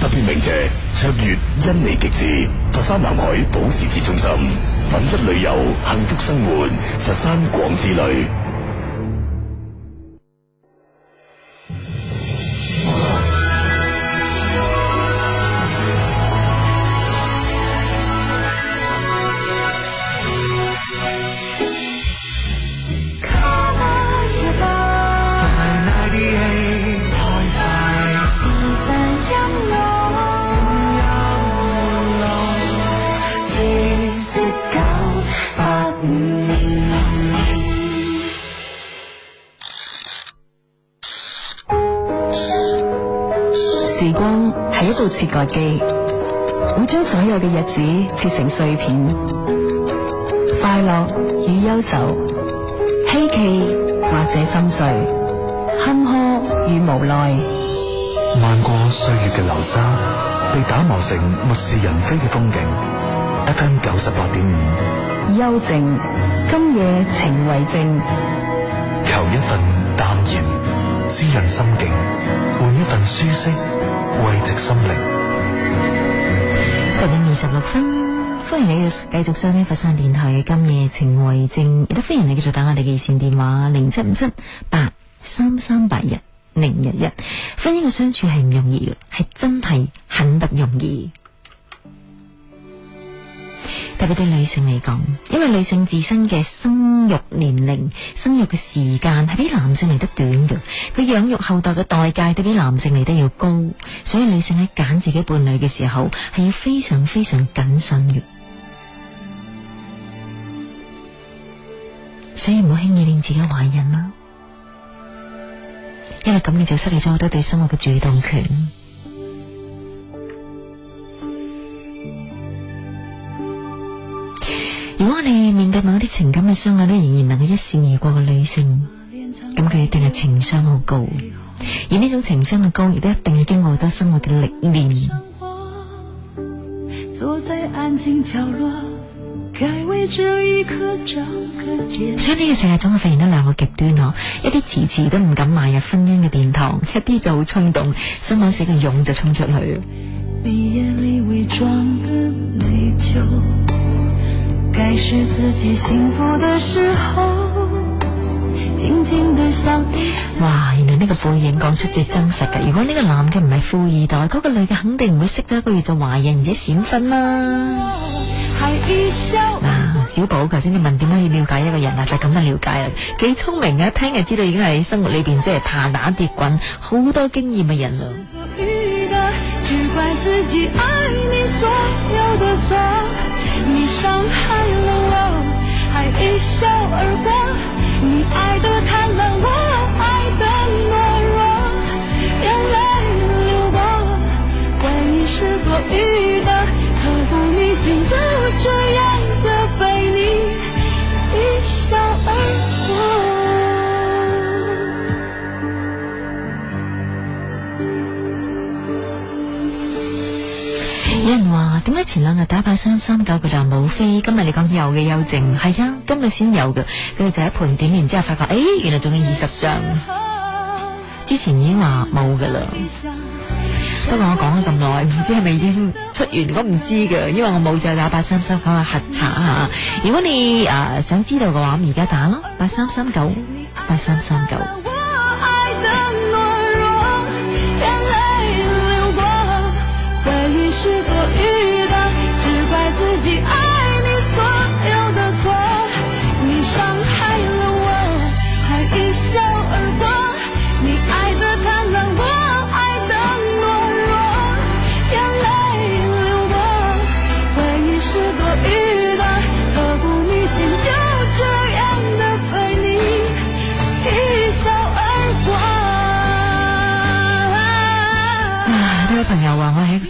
特別鳴謝卓越、因你極致、佛山南海保時捷中心、品質旅遊、幸福生活、佛山廣之旅。切割機，會將所有嘅日子切成碎片，快樂與憂愁，希冀或者心碎，坎坷與無奈。漫過歲月嘅流沙，被打磨成物是人非嘅風景。FM 九十八點五，邱靜，今夜情為證，求一份淡然，滋潤心境。換一份舒適，慰藉心靈。十點二十六分，歡迎你繼續繼續收聽佛山電台嘅《今夜情為證》，亦都歡迎你繼續打我哋嘅熱線電話零七五七八三三八一零一一。婚姻嘅相處係唔容易嘅，係真係很不容易。特別對女性嚟講，因為女性自身嘅生育年齡、生育嘅時間係比男性嚟得短嘅，佢養育後代嘅代價都比男性嚟得要高，所以女性喺揀自己伴侶嘅時候係要非常非常謹慎嘅，所以唔好輕易令自己懷孕啦，因為咁你就失去咗好多對生活嘅主動權。如果你面對某啲情感嘅傷害都仍然能夠一笑而過嘅女性，咁佢一定係情商好高，而呢種情商嘅高亦都一定係經過好多生活嘅歷練。坐在角落。所以呢個世界總係發現得兩個極端咯，一啲遲遲都唔敢邁入婚姻嘅殿堂，一啲就好衝動，心諗死嘅勇就衝出去。你還是自己幸福的時候，靜靜的哇！原來呢個背影講出最真實嘅。如果呢個男嘅唔係富二代，嗰、那個女嘅肯定唔會識咗一個月就懷孕而且閃婚啦。嗱、啊，小寶頭先你問點樣去了解一個人啊，就咁、是、樣了解啊，幾聰明嘅、啊，聽就知道已經係生活裏邊即係怕打跌滾好多經驗嘅人啊。你傷害了我，還一笑而過。你愛的貪婪我，我愛的懦弱。眼淚流過，回憶是多餘的，刻骨銘心，就這樣的被你一笑而過。夜晚、哎。點解前兩日打八三三九佢就冇飛？今日你講有嘅。邱靜，係啊，今日先有嘅。佢就喺盤點，然之後發覺，誒、哎，原來仲有二十張，之前已經話冇噶啦。不過我講咗咁耐，唔知係咪已經出完，我唔知嘅，因為我冇再打八三三九去核查吓。如果你誒、呃、想知道嘅話，而家打咯，八三三九，八三三九。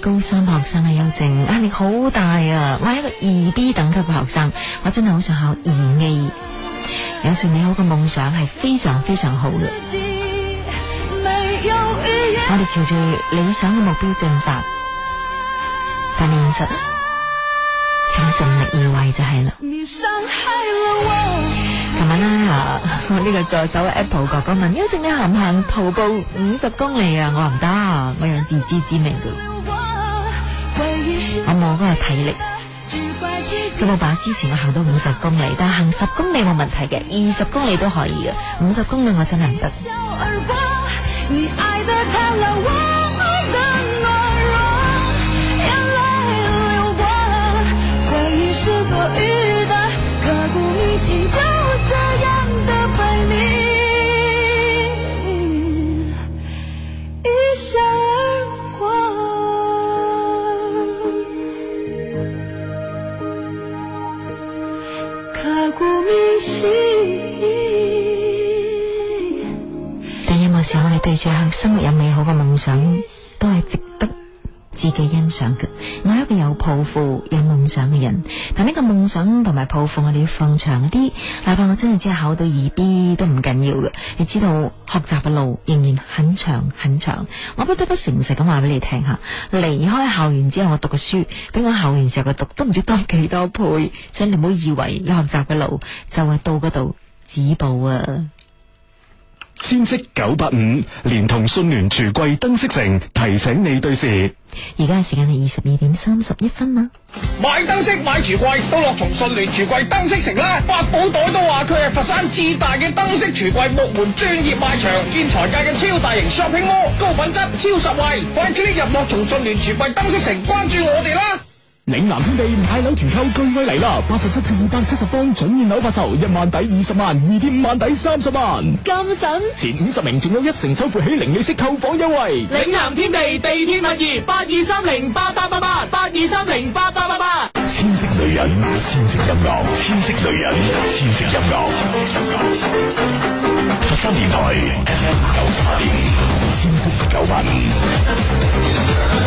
高三學生啊，邱靜壓力好大啊！我係一個二 B 等級嘅學生，我真係好想考二 A。有時美好嘅夢想係非常非常好嘅，我哋朝住理想嘅目標進發，但現實，請盡力而為就係啦。琴晚啦，我呢、啊啊、個助手 Apple 哥哥問，邱靜你行唔行徒步五十公里啊？我唔得、啊，我有自知之明嘅、啊。我冇嗰個體力，咁我伯之前我行到五十公里，但係行十公里冇問題嘅，二十公里都可以嘅，五十公里我真係唔得。 對住吓，生活有美好嘅夢想都係值得自己欣賞嘅。我係一個有抱負、有夢想嘅人，但呢個夢想同埋抱負，我哋要放長啲。哪怕我真係只係考到二 B 都唔緊要嘅。你知道學習嘅路仍然很長很長。我不得不誠實咁話俾你聽吓，離開校園之後我讀嘅書，比我校園時候嘅讀都唔知多幾多倍。所以你唔好以為你學習嘅路就會到嗰度止步啊！千色九百五，5，連同信聯櫥櫃燈飾城提醒你對時，而家嘅時間係二十二點三十一分啦。買燈飾、買櫥櫃，都樂從信聯櫥櫃燈飾城啦！八寶袋都話佢係佛山最大嘅燈飾、櫥櫃、木門專業賣場，建材界嘅超大型 shopping mall，高品質、超實惠，快啲入樂從信聯櫥櫃燈飾城，關注我哋啦！嶺南天地唔買樓團購钜惠嚟啦！八十七至二百七十方準現樓發售，一萬抵二十萬，二點五萬抵三十萬。咁神！前五十名仲有一成首付起零，零利息購房優惠。嶺南天地地天物業八二三零八八八八八二三零八八八八。千色女人，千色音樂，千色女人，千色音樂。佛山電台 FM 九十八點五。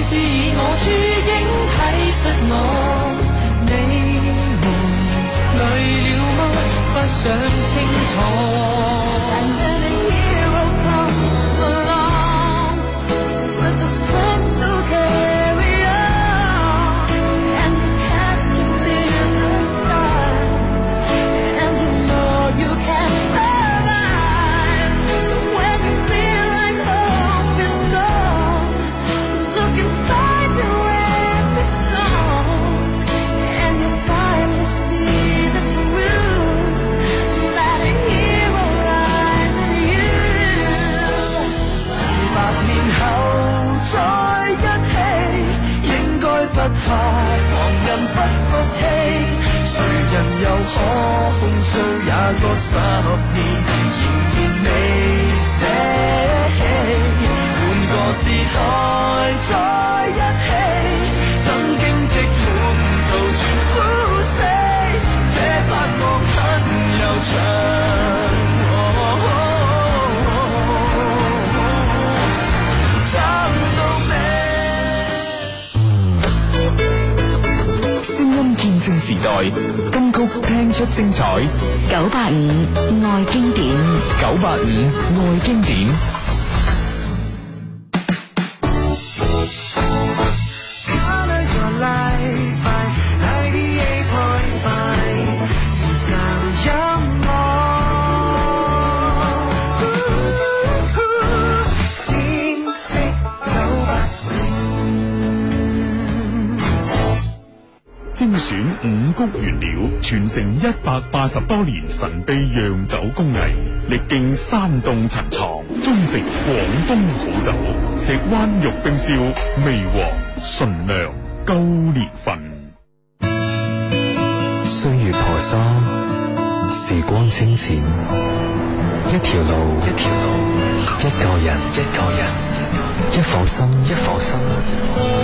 你是以我處境體恤我，你們累了嗎？不想清楚。怕旁人不服氣，誰人又可控訴也過十年，仍然未捨棄，換個時代再一起。金曲聽出精彩，九八五愛經典，九八五愛經典。五穀原料傳承一百八十多年神秘釀酒工藝，歷經山洞陳藏，終成廣東好酒。石灣玉冰燒，味皇醇釀高烈份。歲月婆娑，時光清淺，一條路，一條路，一個人，一個人，一顆心，一顆心。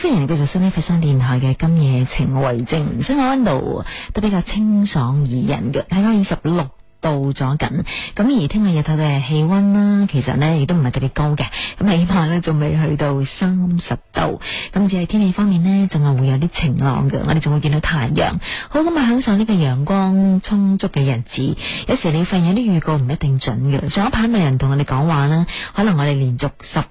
歡迎繼續收聽佛山電台嘅今夜情為證。今日溫度都比較清爽宜人嘅，睇下二十六度左近。咁而聽日日頭嘅氣溫啦，其實呢亦都唔係特別高嘅。咁起碼呢仲未去到三十度。咁至於天氣方面呢，仲係會有啲晴朗嘅，我哋仲會見到太陽，好咁啊，享受呢個陽光充足嘅日子。有時你發現有啲預告唔一定準嘅。上一排咪有人同我哋講話啦，可能我哋連續十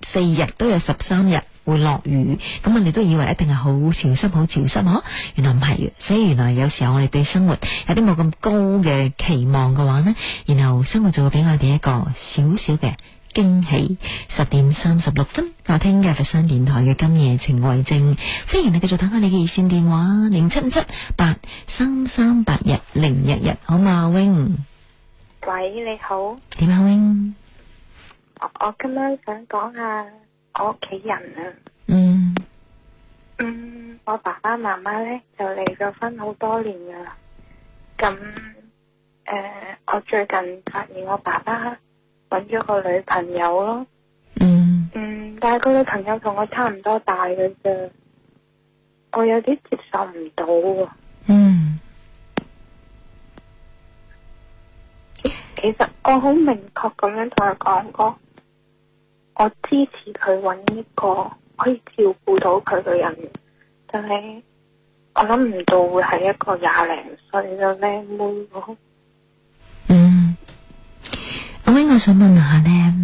四日都有十三日。會落雨，咁我哋都以為一定係好潮濕，好潮濕嗬，原來唔係，所以原來有時候我哋對生活有啲冇咁高嘅期望嘅話呢。然後生活就會俾我哋一個少少嘅驚喜。十點三十六分，我聽嘅佛山電台嘅今夜情為證，歡迎你繼續打開你嘅熱線電話零七七八三三八一零一一。8 8 1，好嘛，Wing。喂，你好。點啊，Wing？我我今晚想講下。我屋企人啊，嗯，嗯，我爸爸媽媽咧，就離咗婚好多年噶啦，咁，誒、呃，我最近發現我爸爸搵咗個女朋友咯，嗯，嗯，但係佢女朋友同我差唔多大噶啫，我有啲接受唔到啊，嗯，其實我好明確咁樣同佢講過。我支持佢揾一個可以照顧到佢嘅人，但係我諗唔到會係一個廿零歲嘅靚妹，嗯，阿威，我想，嗯，我想問下咧，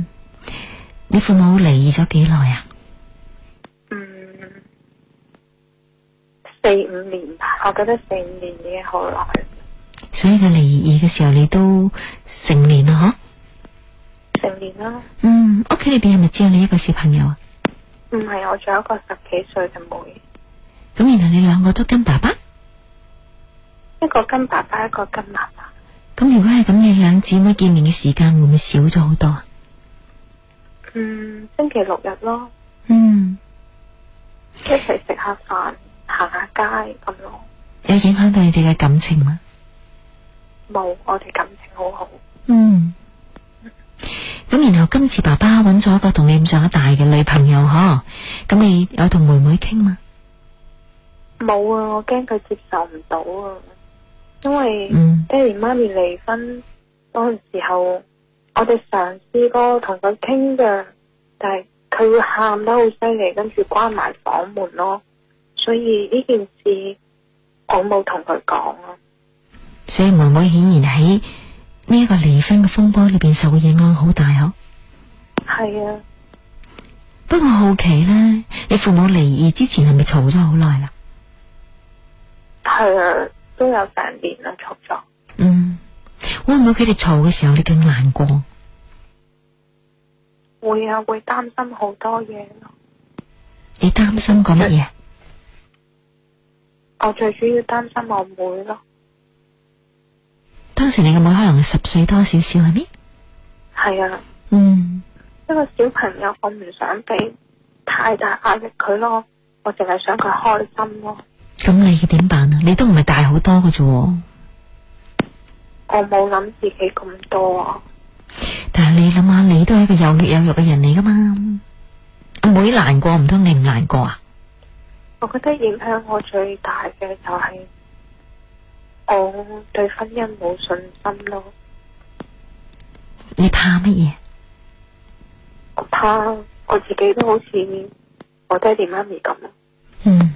你父母離異咗幾耐啊？嗯，四五年吧，我覺得四五年已經好耐。所以佢離異嘅時候，你都成年啦，嗬？成年啦。嗯，屋企裏邊係咪只有你一個小朋友啊？唔係，我仲有一個十幾歲嘅妹。咁原來你兩個都跟爸爸，一個跟爸爸，一個跟媽媽。咁如果係咁，你兩姊妹見面嘅時間會唔會少咗好多啊？嗯，星期六日咯。嗯，一齊食下飯，行下街咁咯。有影響到你哋嘅感情嗎？冇，我哋感情好好。嗯。 咁然後今次爸爸揾咗一個同你咁上下大嘅女朋友嗬，咁 你有同妹妹傾嗎？冇啊，我驚佢接受唔到啊，因為爹哋媽咪離婚嗰個時候，我哋嘗試過同佢傾嘅，但係佢會喊得好犀利，跟住關埋房門咯，所以呢件事我冇同佢講啊。所以妹妹顯然喺。呢一個離婚嘅風波裏邊受嘅影響好大嗬？係啊。不過好奇咧，你父母離異之前係咪嘈咗好耐啦？係啊，都有成年啦嘈咗。吵。嗯，會唔會佢哋嘈嘅時候你更難過？會啊，會擔心好多嘢咯。你擔心過乜嘢？我最主要擔心我妹咯。當時你嘅妹可能係十歲多少少係咪？係啊，嗯，一個小朋友，我唔想俾太大壓力佢咯，我淨係想佢開心咯。咁你嘅點辦啊？你都唔係大好多噶啫。我冇諗自己咁多啊。但係你諗下，你都係一個有血有肉嘅人嚟噶嘛？阿妹難過，唔通你唔難過啊？我覺得影響我最大嘅就係、是。我對婚姻冇信心咯。你怕乜嘢？我怕我自己都好似我爹哋媽咪咁咯。嗯，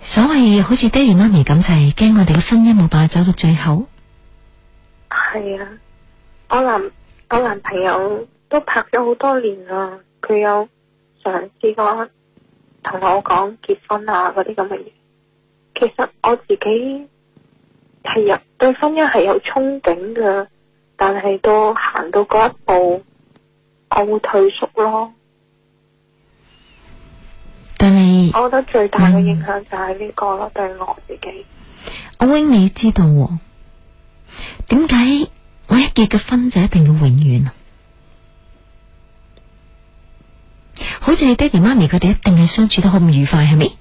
所謂好似爹哋媽咪咁，就係驚我哋嘅婚姻冇辦法走到最後。係啊，我男我男朋友都拍咗好多年啦，佢有嘗試過同我講結婚啊嗰啲咁嘅嘢。其實我自己係有對婚姻係有憧憬㗎，但係到行到嗰一步，我會退縮咯。但係你，我覺得最大嘅影響就係呢、這個咯，嗯、對我自己。阿 wing 你知道點解我一結嘅婚就一定要永遠啊？好似你爹哋媽咪佢哋一定係相處得好唔愉快，係咪？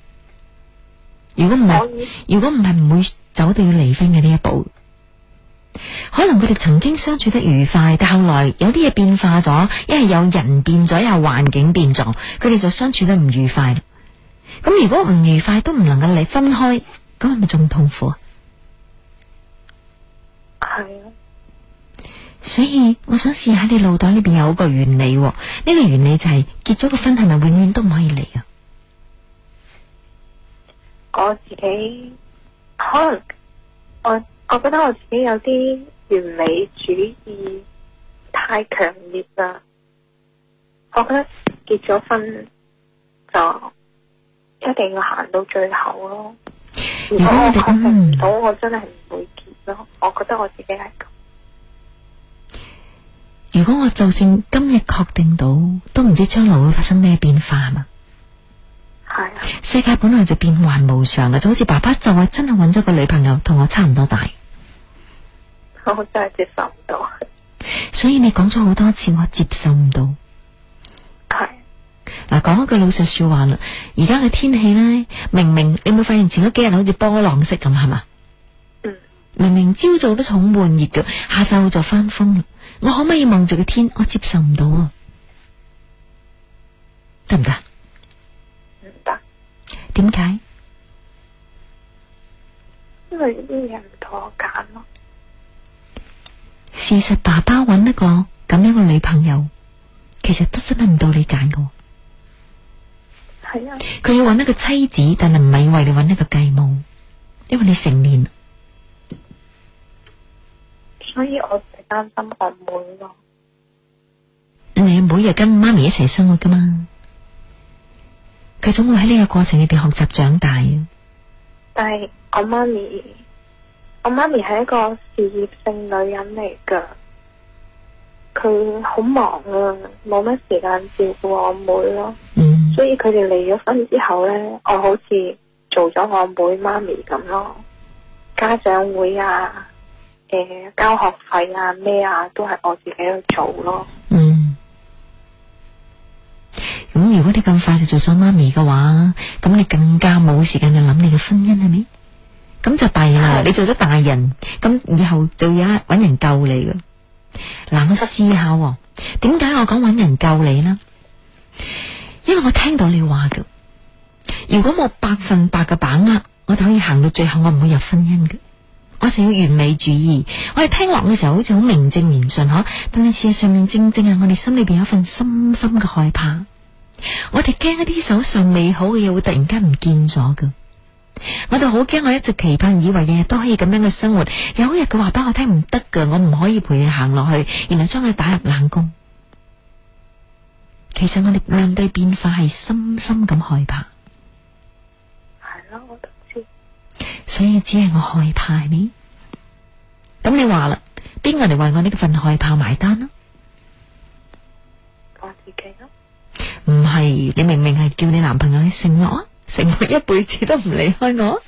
如果唔係，如果唔係，唔會走到要離婚嘅呢一步。可能佢哋曾經相處得愉快，但後來有啲嘢變化咗，一係有人變咗，一係環境變咗，佢哋就相處得唔愉快啦。咁如果唔愉快都唔能夠離分開，咁係咪仲痛苦啊？係啊的，所以我想試下你腦袋裏邊有一個原理，呢、這個原理就係、是、結咗個婚係咪永遠都唔可以離啊？我自己可能我我覺得我自己有啲完美主義太強烈啦，我覺得結咗婚就一定要行到最後咯。如果我哋確定唔到，我真係唔會結咯。我覺得我自己係咁。如果我就算今日確定到，都唔知將來會發生咩變化嘛？世界本來就變幻無常嘅，就好似爸爸就係真係揾咗個女朋友同我差唔多大，我真係接受唔到。所以你講咗好多次，我接受唔到。係嗱是，講一句老實說話啦，而家嘅天氣咧，明明你冇發現前嗰幾日好似波浪式咁係嘛？嗯，明明朝早都重悶熱嘅，下晝就翻風啦。我可唔可以望住個天？我接受唔到啊，得唔得？點解？因為呢啲嘢，唔同我揀咯。事實爸爸揾一個咁樣嘅女朋友，其實都失得唔到你揀噶。係啊。佢要揾一個妻子，但係唔係要為了揾一個繼母，因為你成年。所以我擔心阿妹咯。你每日跟媽咪一齊生活噶嘛？佢總會喺呢個過程入面學習長大。但係我媽咪，我媽咪係一個事業性女人嚟噶，佢好忙啊，冇乜時間照顧我妹咯。嗯，所以佢哋離咗婚之後咧，我好似做咗我妹媽咪咁咯。家長會啊，誒、呃，交學費啊咩啊，都係我自己去做咯。咁如果你咁快就做咗媽咪嘅話，咁你更加冇時間去諗你嘅婚姻係咪？咁就弊啦。你做咗大人，咁以後就要揾人救你嘅嗱。我思考點解我講揾人救你呢？因為我聽到你話嘅，如果冇百分百嘅把握，我就可以行到最後，我唔會入婚姻嘅。我係要完美主義，我哋聽落嘅時候好似好名正言順，嗬，但係事實上面正正係我哋心裏邊有一份深深嘅害怕。我哋驚一啲手上未好嘅嘢會突然間唔見咗噶，我就好驚我一直期盼，以為日日都可以咁樣嘅生活，有一日佢話俾我聽唔得噶，我唔可以陪你行落去，然後將我打入冷宮。其實我哋面對變化係深深咁害怕，係咯，我都知。所以只係我害怕咩？咁你話啦，邊個嚟為我呢份害怕埋單啊？唔係？你明明係叫你男朋友去承諾啊，承諾一輩子都唔離開我。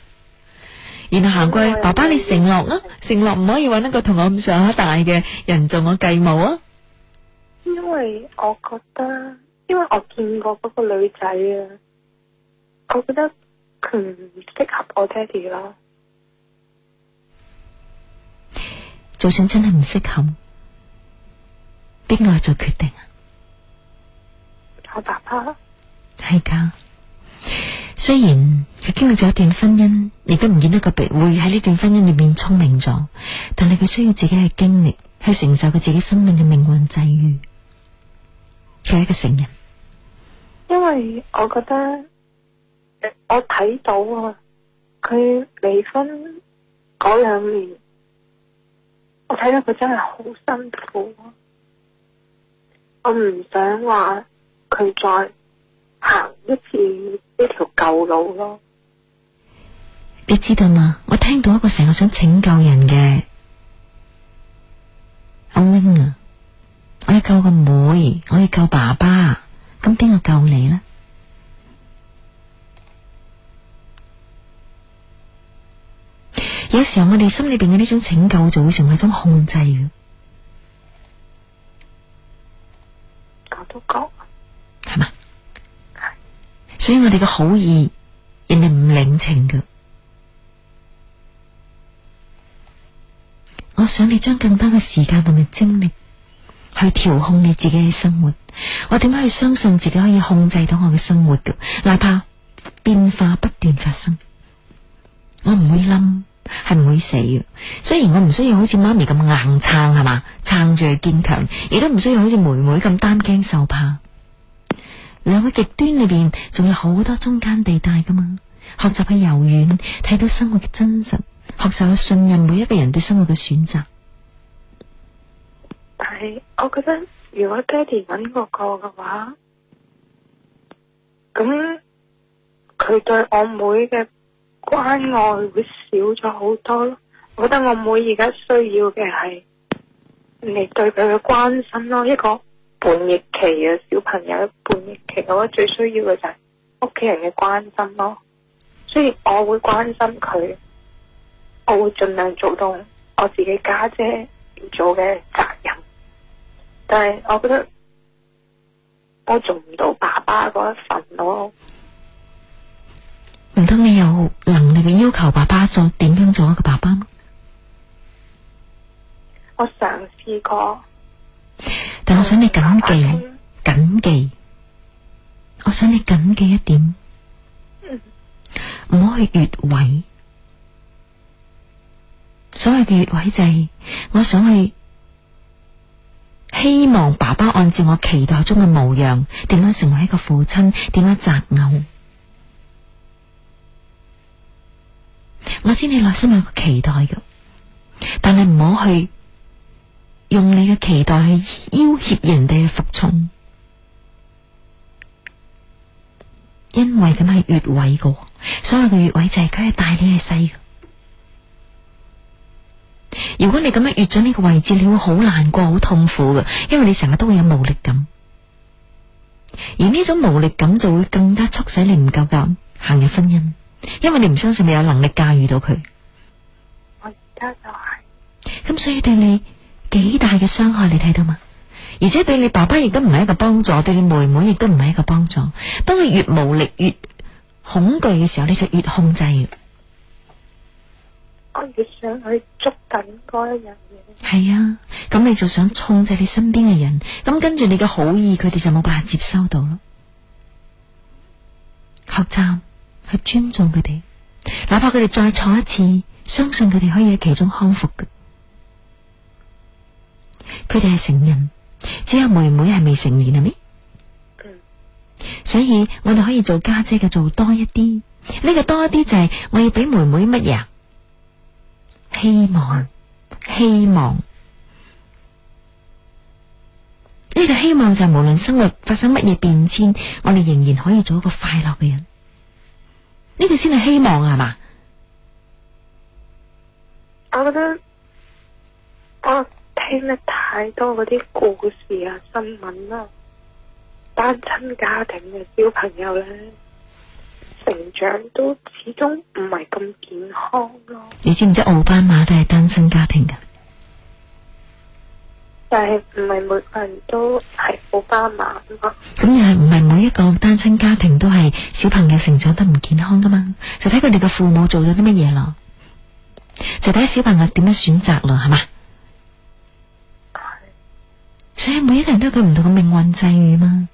然後行過去，爸爸你承諾啊，承諾唔可以揾一個同我咁上下大嘅人做我繼母啊。因為我覺得，因為我見過嗰個女仔啊，我覺得佢唔適合我爹哋咯。就算真係唔適合，邊個做決定啊？我爸爸係噶，雖然佢經歷咗一段婚姻，亦都唔見得個鼻會喺呢段婚姻裏面聰明咗，但係佢需要自己去經歷，去承受佢自己生命嘅命運際遇，佢係一個成人。因為我覺得，我睇到啊，佢離婚嗰兩年，我睇到佢真係好辛苦啊！我唔想話。佢再行一次呢條舊路咯，你知道嗎？我聽到一個成日想拯救人嘅阿 wing 啊，我要救個妹，我要救爸爸，咁邊個救你呢？ 有時候我哋心裏邊嘅呢種拯救就會成為一種控制嘅，我都覺。係嘛？所以我哋嘅好意，人哋唔領情嘅。我想你將更多嘅時間同埋精力去調控你自己嘅生活。我點解去相信自己可以控制到我嘅生活嘅？哪怕變化不斷發生，我唔會冧，係唔會死嘅。雖然我唔需要好似媽咪咁硬撐，係嘛撐住去堅強，亦都唔需要好似妹妹咁擔驚受怕。兩個極端裏邊，仲有好多中間地帶噶嘛。學習去柔軟，睇到生活嘅真實，學習去信任每一個人對生活嘅選擇。但係，我覺得如果爹哋揾我過嘅話，咁佢對我妹嘅關愛會少咗好多咯。我覺得我妹而家需要嘅係你對佢嘅關心咯，一個。叛逆期嘅小朋友，叛逆期我覺得最需要嘅就係屋企人嘅關心咯，所以我會關心佢，我會盡量做到我自己家姐要做嘅責任，但係我覺得我做唔到爸爸嗰一份咯。唔通，你有能力嘅要求爸爸再點樣做一個爸爸？我嘗試過。但我想你謹記謹記，我想你謹記一點，唔好去越位。所謂嘅越位就係、是、我想去希望爸爸按照我期待中嘅模樣，點樣成為一個父親，點樣擇偶。我先係內心有個期待嘅，但係唔好去。用你嘅期待去要挾人哋去服從，因為咁係越位個，所以嘅越位就係佢係大你係細嘅。如果你咁樣越咗呢個位置，你會好難過、好痛苦嘅，因為你成日都會有無力感，而呢種無力感就會更加促使你唔夠膽行入婚姻，因為你唔相信你有能力駕馭到佢。我而家就係咁，所以對你。幾大嘅傷害你睇到嘛？而且對你爸爸亦都唔係一個幫助，對你妹妹亦都唔係一個幫助。當你越無力、越恐懼嘅時候，你就越控制。我越想去捉緊嗰一樣嘢。係啊，咁你就想控制你身邊嘅人，咁跟住你嘅好意，佢哋就冇辦法接收到咯。學習去尊重佢哋，哪怕佢哋再錯一次，相信佢哋可以喺其中康復嘅。佢哋係成人，只有妹妹係未成年係咪？嗯。所以我哋可以做家姐嘅做多一啲，呢個多一啲就係我要俾妹妹乜嘢？希望，希望。呢個希望就係無論生活發生乜嘢變遷，我哋仍然可以做一個快樂嘅人。呢個先係希望啊嘛。我覺得。聽得太多嗰啲故事啊，新聞咯、啊，單親家庭嘅小朋友咧，成長都始終唔係咁健康咯。你知唔知奧巴馬都係單身家庭噶？但係唔係每個人都係奧巴馬咯。咁又係唔係每一個單親家庭都係小朋友成長得唔健康噶嘛？就睇佢哋嘅父母做咗啲乜嘢咯，就睇小朋友點樣選擇咯，係嘛？所以每一個人都有佢唔同嘅命運際遇嘛，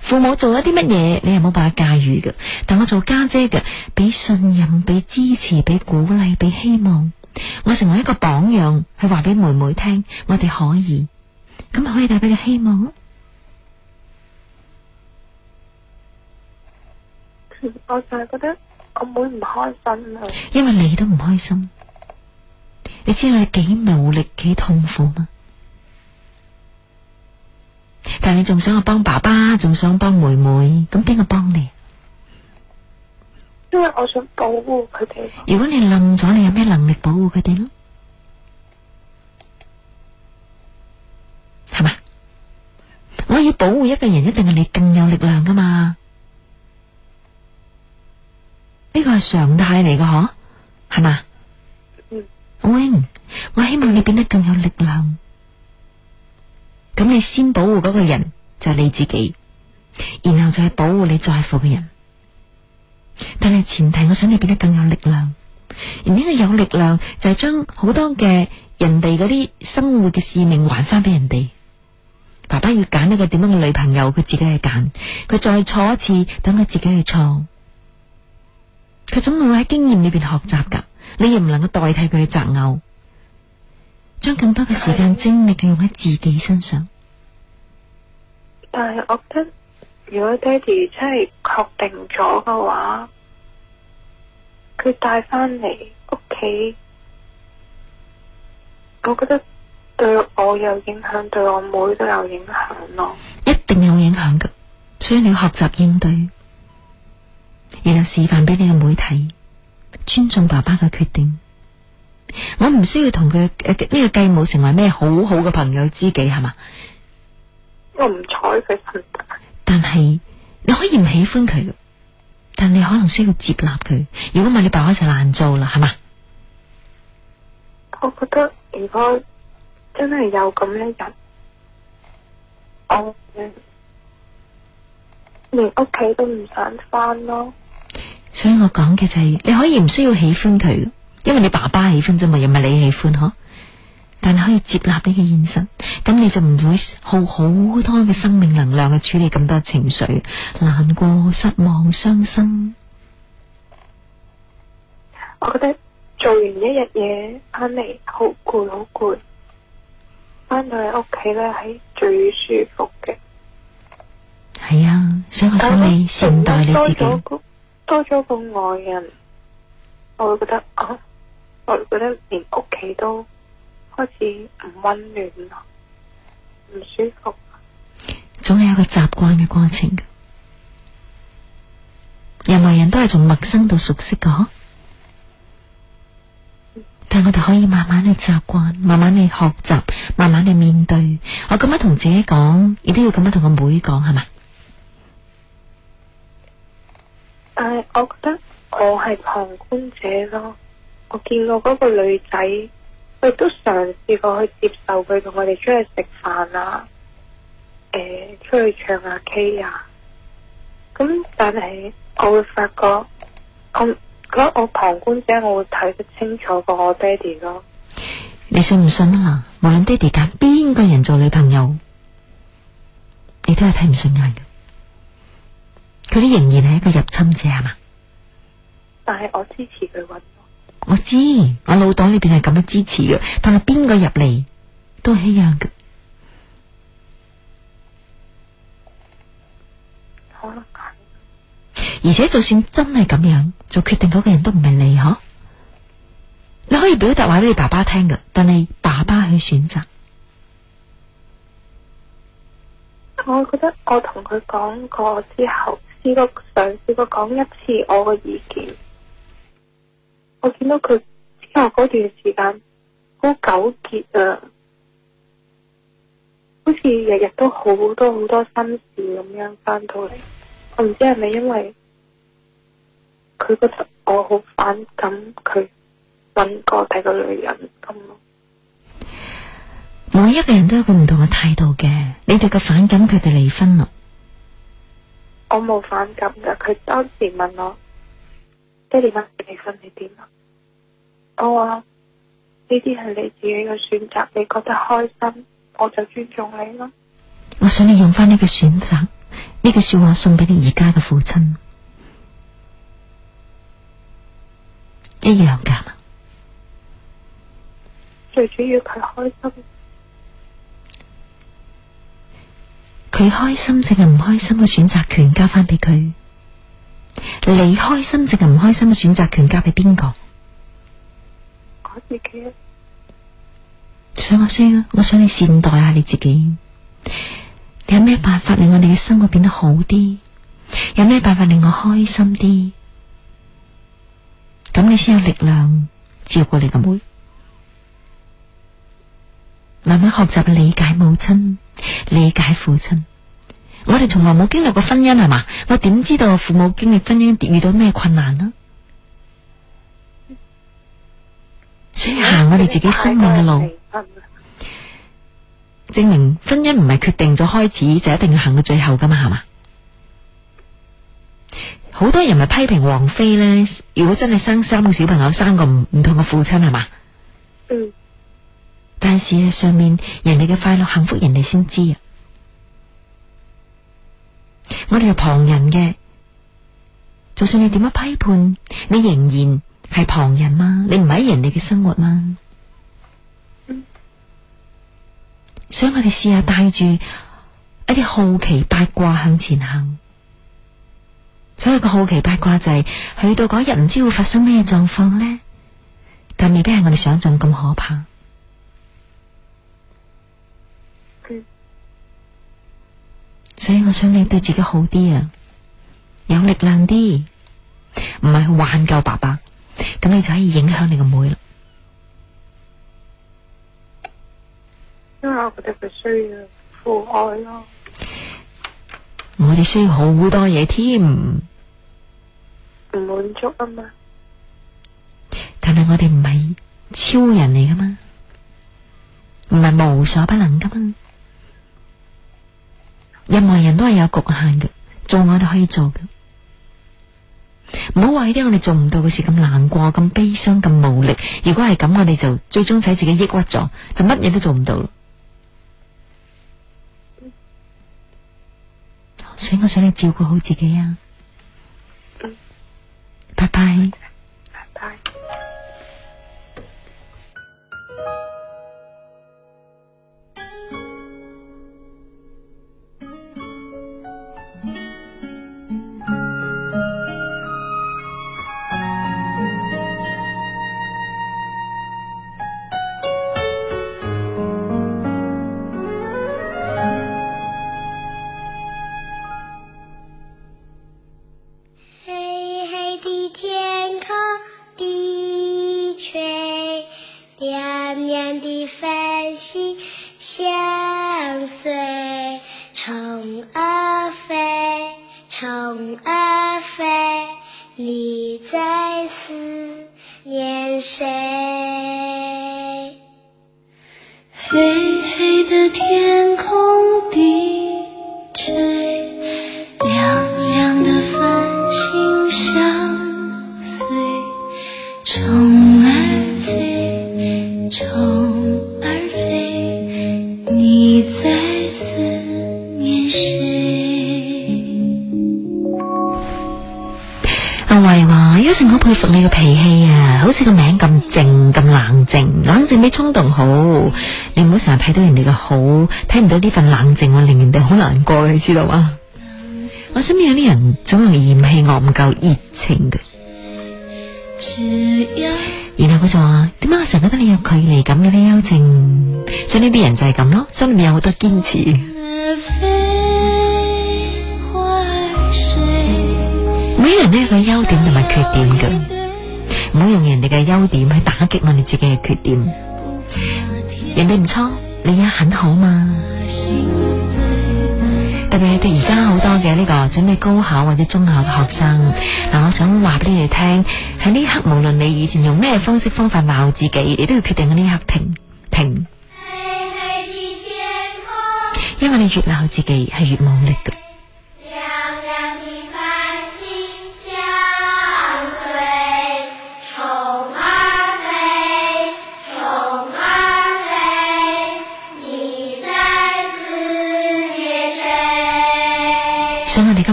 父母做咗啲乜嘢你係冇辦法駕馭嘅，但我做家姐嘅，俾信任、俾支持、俾鼓勵、俾希望，我成為一個榜樣去話俾妹妹聽，我哋可以，咁咪可以帶俾佢希望咯。我就係覺得我妹唔開心啦，因為你都唔開心，你知道你幾無力幾痛苦嗎？但你仲想我幫爸爸，仲想幫妹妹，咁邊個幫你？因為我想保護佢哋。如果你冧咗，你有咩能力保護佢哋咯？係嘛？我要保護一個人，一定係你更有力量噶嘛？呢個係常態嚟噶，嗬？係嘛？阿英，我希望你變得更有力量。咁你先保護嗰個人就係你自己，然後再去保護你在乎嘅人。但係前提，我想你變得更有力量。而呢個有力量就係將好多嘅人哋嗰啲生活嘅使命還翻俾人哋。爸爸要揀一個點樣嘅女朋友，佢自己去揀。佢再錯一次，等佢自己去錯。佢總會喺經驗裏邊學習噶你亦唔能夠代替佢去擇偶。將更多嘅時間精力用喺自己身上。但係我覺得，如果爹哋真係確定咗嘅話，佢帶翻嚟屋企，我覺得對我有影響，對我妹都有影響咯。一定有影響噶，所以你要學習應對，然後示範俾你嘅妹睇，尊重爸爸嘅決定。我唔需要同佢呢個繼母成為咩好好嘅朋友知己，係嘛？我唔睬佢。但係你可以唔喜歡佢，但你可能需要接納佢。如果唔係，你爸爸就難做啦，係嘛？我，爸爸我覺得如果真係有咁咧，我就我連屋企都唔想返咯。所以我講嘅就係，你可以唔需要喜歡佢。因為你爸爸喜歡啫嘛，又唔係你喜歡嗬？但你可以接納呢個現實，咁你就唔會耗好多嘅生命能量去處理咁多情緒，難過、失望、傷心。我覺得做完一日嘢，翻嚟好攰，好攰，翻到去屋企咧，係最舒服嘅。係啊，所以我想你善待、啊、你自己。多咗個，個外人，我會覺得啊。我覺得連屋企都開始唔溫暖咯，唔舒服。總係有個習慣嘅過程嘅，任何人，都係從陌生到熟悉嘅。嗯。但係我哋可以慢慢去習慣，慢慢去學習，慢慢去面對。我咁樣同自己講，亦都要咁樣同個妹講，係嘛？但係我覺得我係旁觀者咯。我見過嗰個女仔，佢都嘗試過去接受佢同我哋出去食飯啊，誒、呃，出去唱下、啊、K 啊。咁但係我會發覺，我覺得我旁觀者我會睇得清楚過我爹哋咯。你信唔信啊？無論爹哋揀邊個人做女朋友，你都係睇唔順眼嘅。佢仍然係一個入侵者係嘛？但係我支持佢搵。我知，我腦袋裏邊係咁樣支持嘅，同埋邊個入嚟都係一樣嘅。可能係，而且就算真係咁樣做決定嗰個人都唔係你嗬、啊，你可以表達話俾你爸爸聽嘅，但係爸爸去選擇。我覺得我同佢講過之後，試過想試過講一次我嘅意見。我見到佢之後嗰段時間好糾結啊，好似日日都好多好多心事咁樣翻到嚟。我唔知係咪因為佢覺得我好反感佢揾個第二個女人咁。每一個人都有個唔同嘅態度嘅，你哋嘅反感佢哋離婚咯。我冇反感噶，佢當時問我，爹哋媽離婚你點啊？我話呢啲係你自己嘅選擇，你覺得開心，我就尊重你咯。我想你用翻呢個選擇，呢句說話送俾你而家嘅父親，一樣噶。最主要佢開心，佢開心淨係唔開心嘅選擇權交翻俾佢，你開心淨係唔開心嘅選擇權交俾邊個？你想我先，我想你善待下、啊、你自己。你有咩辦法令我哋嘅生活變得好啲？有咩辦法令我開心啲？咁你先有力量照顧你個妹妹。慢慢學習理解母親，理解父親。我哋從來冇經歷過婚姻，係嘛？我點知道父母經歷婚姻遇到咩困難呢？所以行我哋自己生命嘅路，證明婚姻唔係決定咗開始就一定要行到最後㗎嘛，係嘛？好多人咪批評王菲呢，如果真係生三個小朋友，三個唔唔同嘅父親係嘛？嗯。但事實上面人哋嘅快樂幸福，人哋先知啊。我哋係旁人嘅，就算你點樣批判，你仍然。係旁人嘛？你唔喺人哋嘅生活嘛？嗯、所以我哋試下帶住一啲好奇八卦向前行。所以個好奇八卦就係、是、去到嗰日唔知會發生咩狀況呢？但未必係我哋想象咁可怕。嗯、所以我想你對自己好啲啊，有力量啲，唔係去挽救爸爸。咁你就可以影響你個妹啦，因為、啊、我覺得佢、啊、需要父愛咯。我哋需要好多嘢添，唔滿足啊嘛。但係我哋唔係超人嚟噶嘛，唔係無所不能噶嘛。任何人都係有局限嘅，做我哋可以做嘅。唔好話呢啲我哋做唔到嘅事咁難過、咁悲傷、咁無力。如果係咁，我哋就最終使自己抑鬱咗，就乜嘢都做唔到咯。嗯、所以我想你照顧好自己啊！拜拜，拜拜。成日睇到人哋嘅好，睇唔到呢份冷靜，我令人哋好難過，你知道嗎？我身邊有啲人總係嫌棄我唔夠熱情嘅，要然後佢就話：點解我成日覺得你有距離感嘅呢？幽靜，所以呢啲人就係咁咯。心入面有好多堅持。每個人都有佢嘅優點同埋缺點嘅，唔好用人哋嘅優點去打擊我哋自己嘅缺點。人哋唔錯，你也很好嘛。特別係對而家好多嘅呢、這個準備高考或者中考嘅學生，嗱、嗯，我想話俾你哋聽，喺呢刻無論你以前用咩方式方法鬧自己，你都要決定喺呢一刻停停。因為你越鬧自己係越冇力嘅。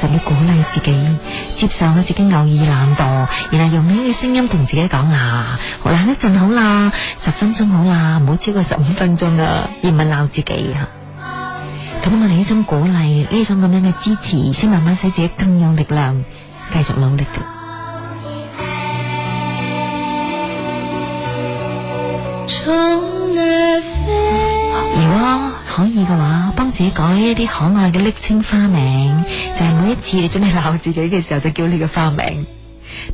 就要鼓勵自己，接受我自己偶爾懶惰，然後用呢個聲音同自己講啊，好啦，一陣好啦，十分鐘好啦，唔好超過十五分鐘啊，而唔係鬧自己吓。咁我哋呢種鼓勵，呢種咁樣嘅支持，先慢慢使自己更有力量，繼續努力嘅。如果可以嘅話。你講呢一啲可愛嘅瀝青花名，就係每一次你準備鬧自己嘅時候，就叫呢個花名。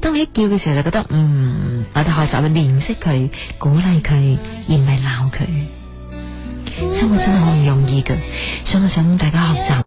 當你一叫嘅時候，就覺得嗯，我哋學習去憐惜佢，鼓勵佢，而唔係鬧佢。生活真係好唔容易噶，所以我想大家學習。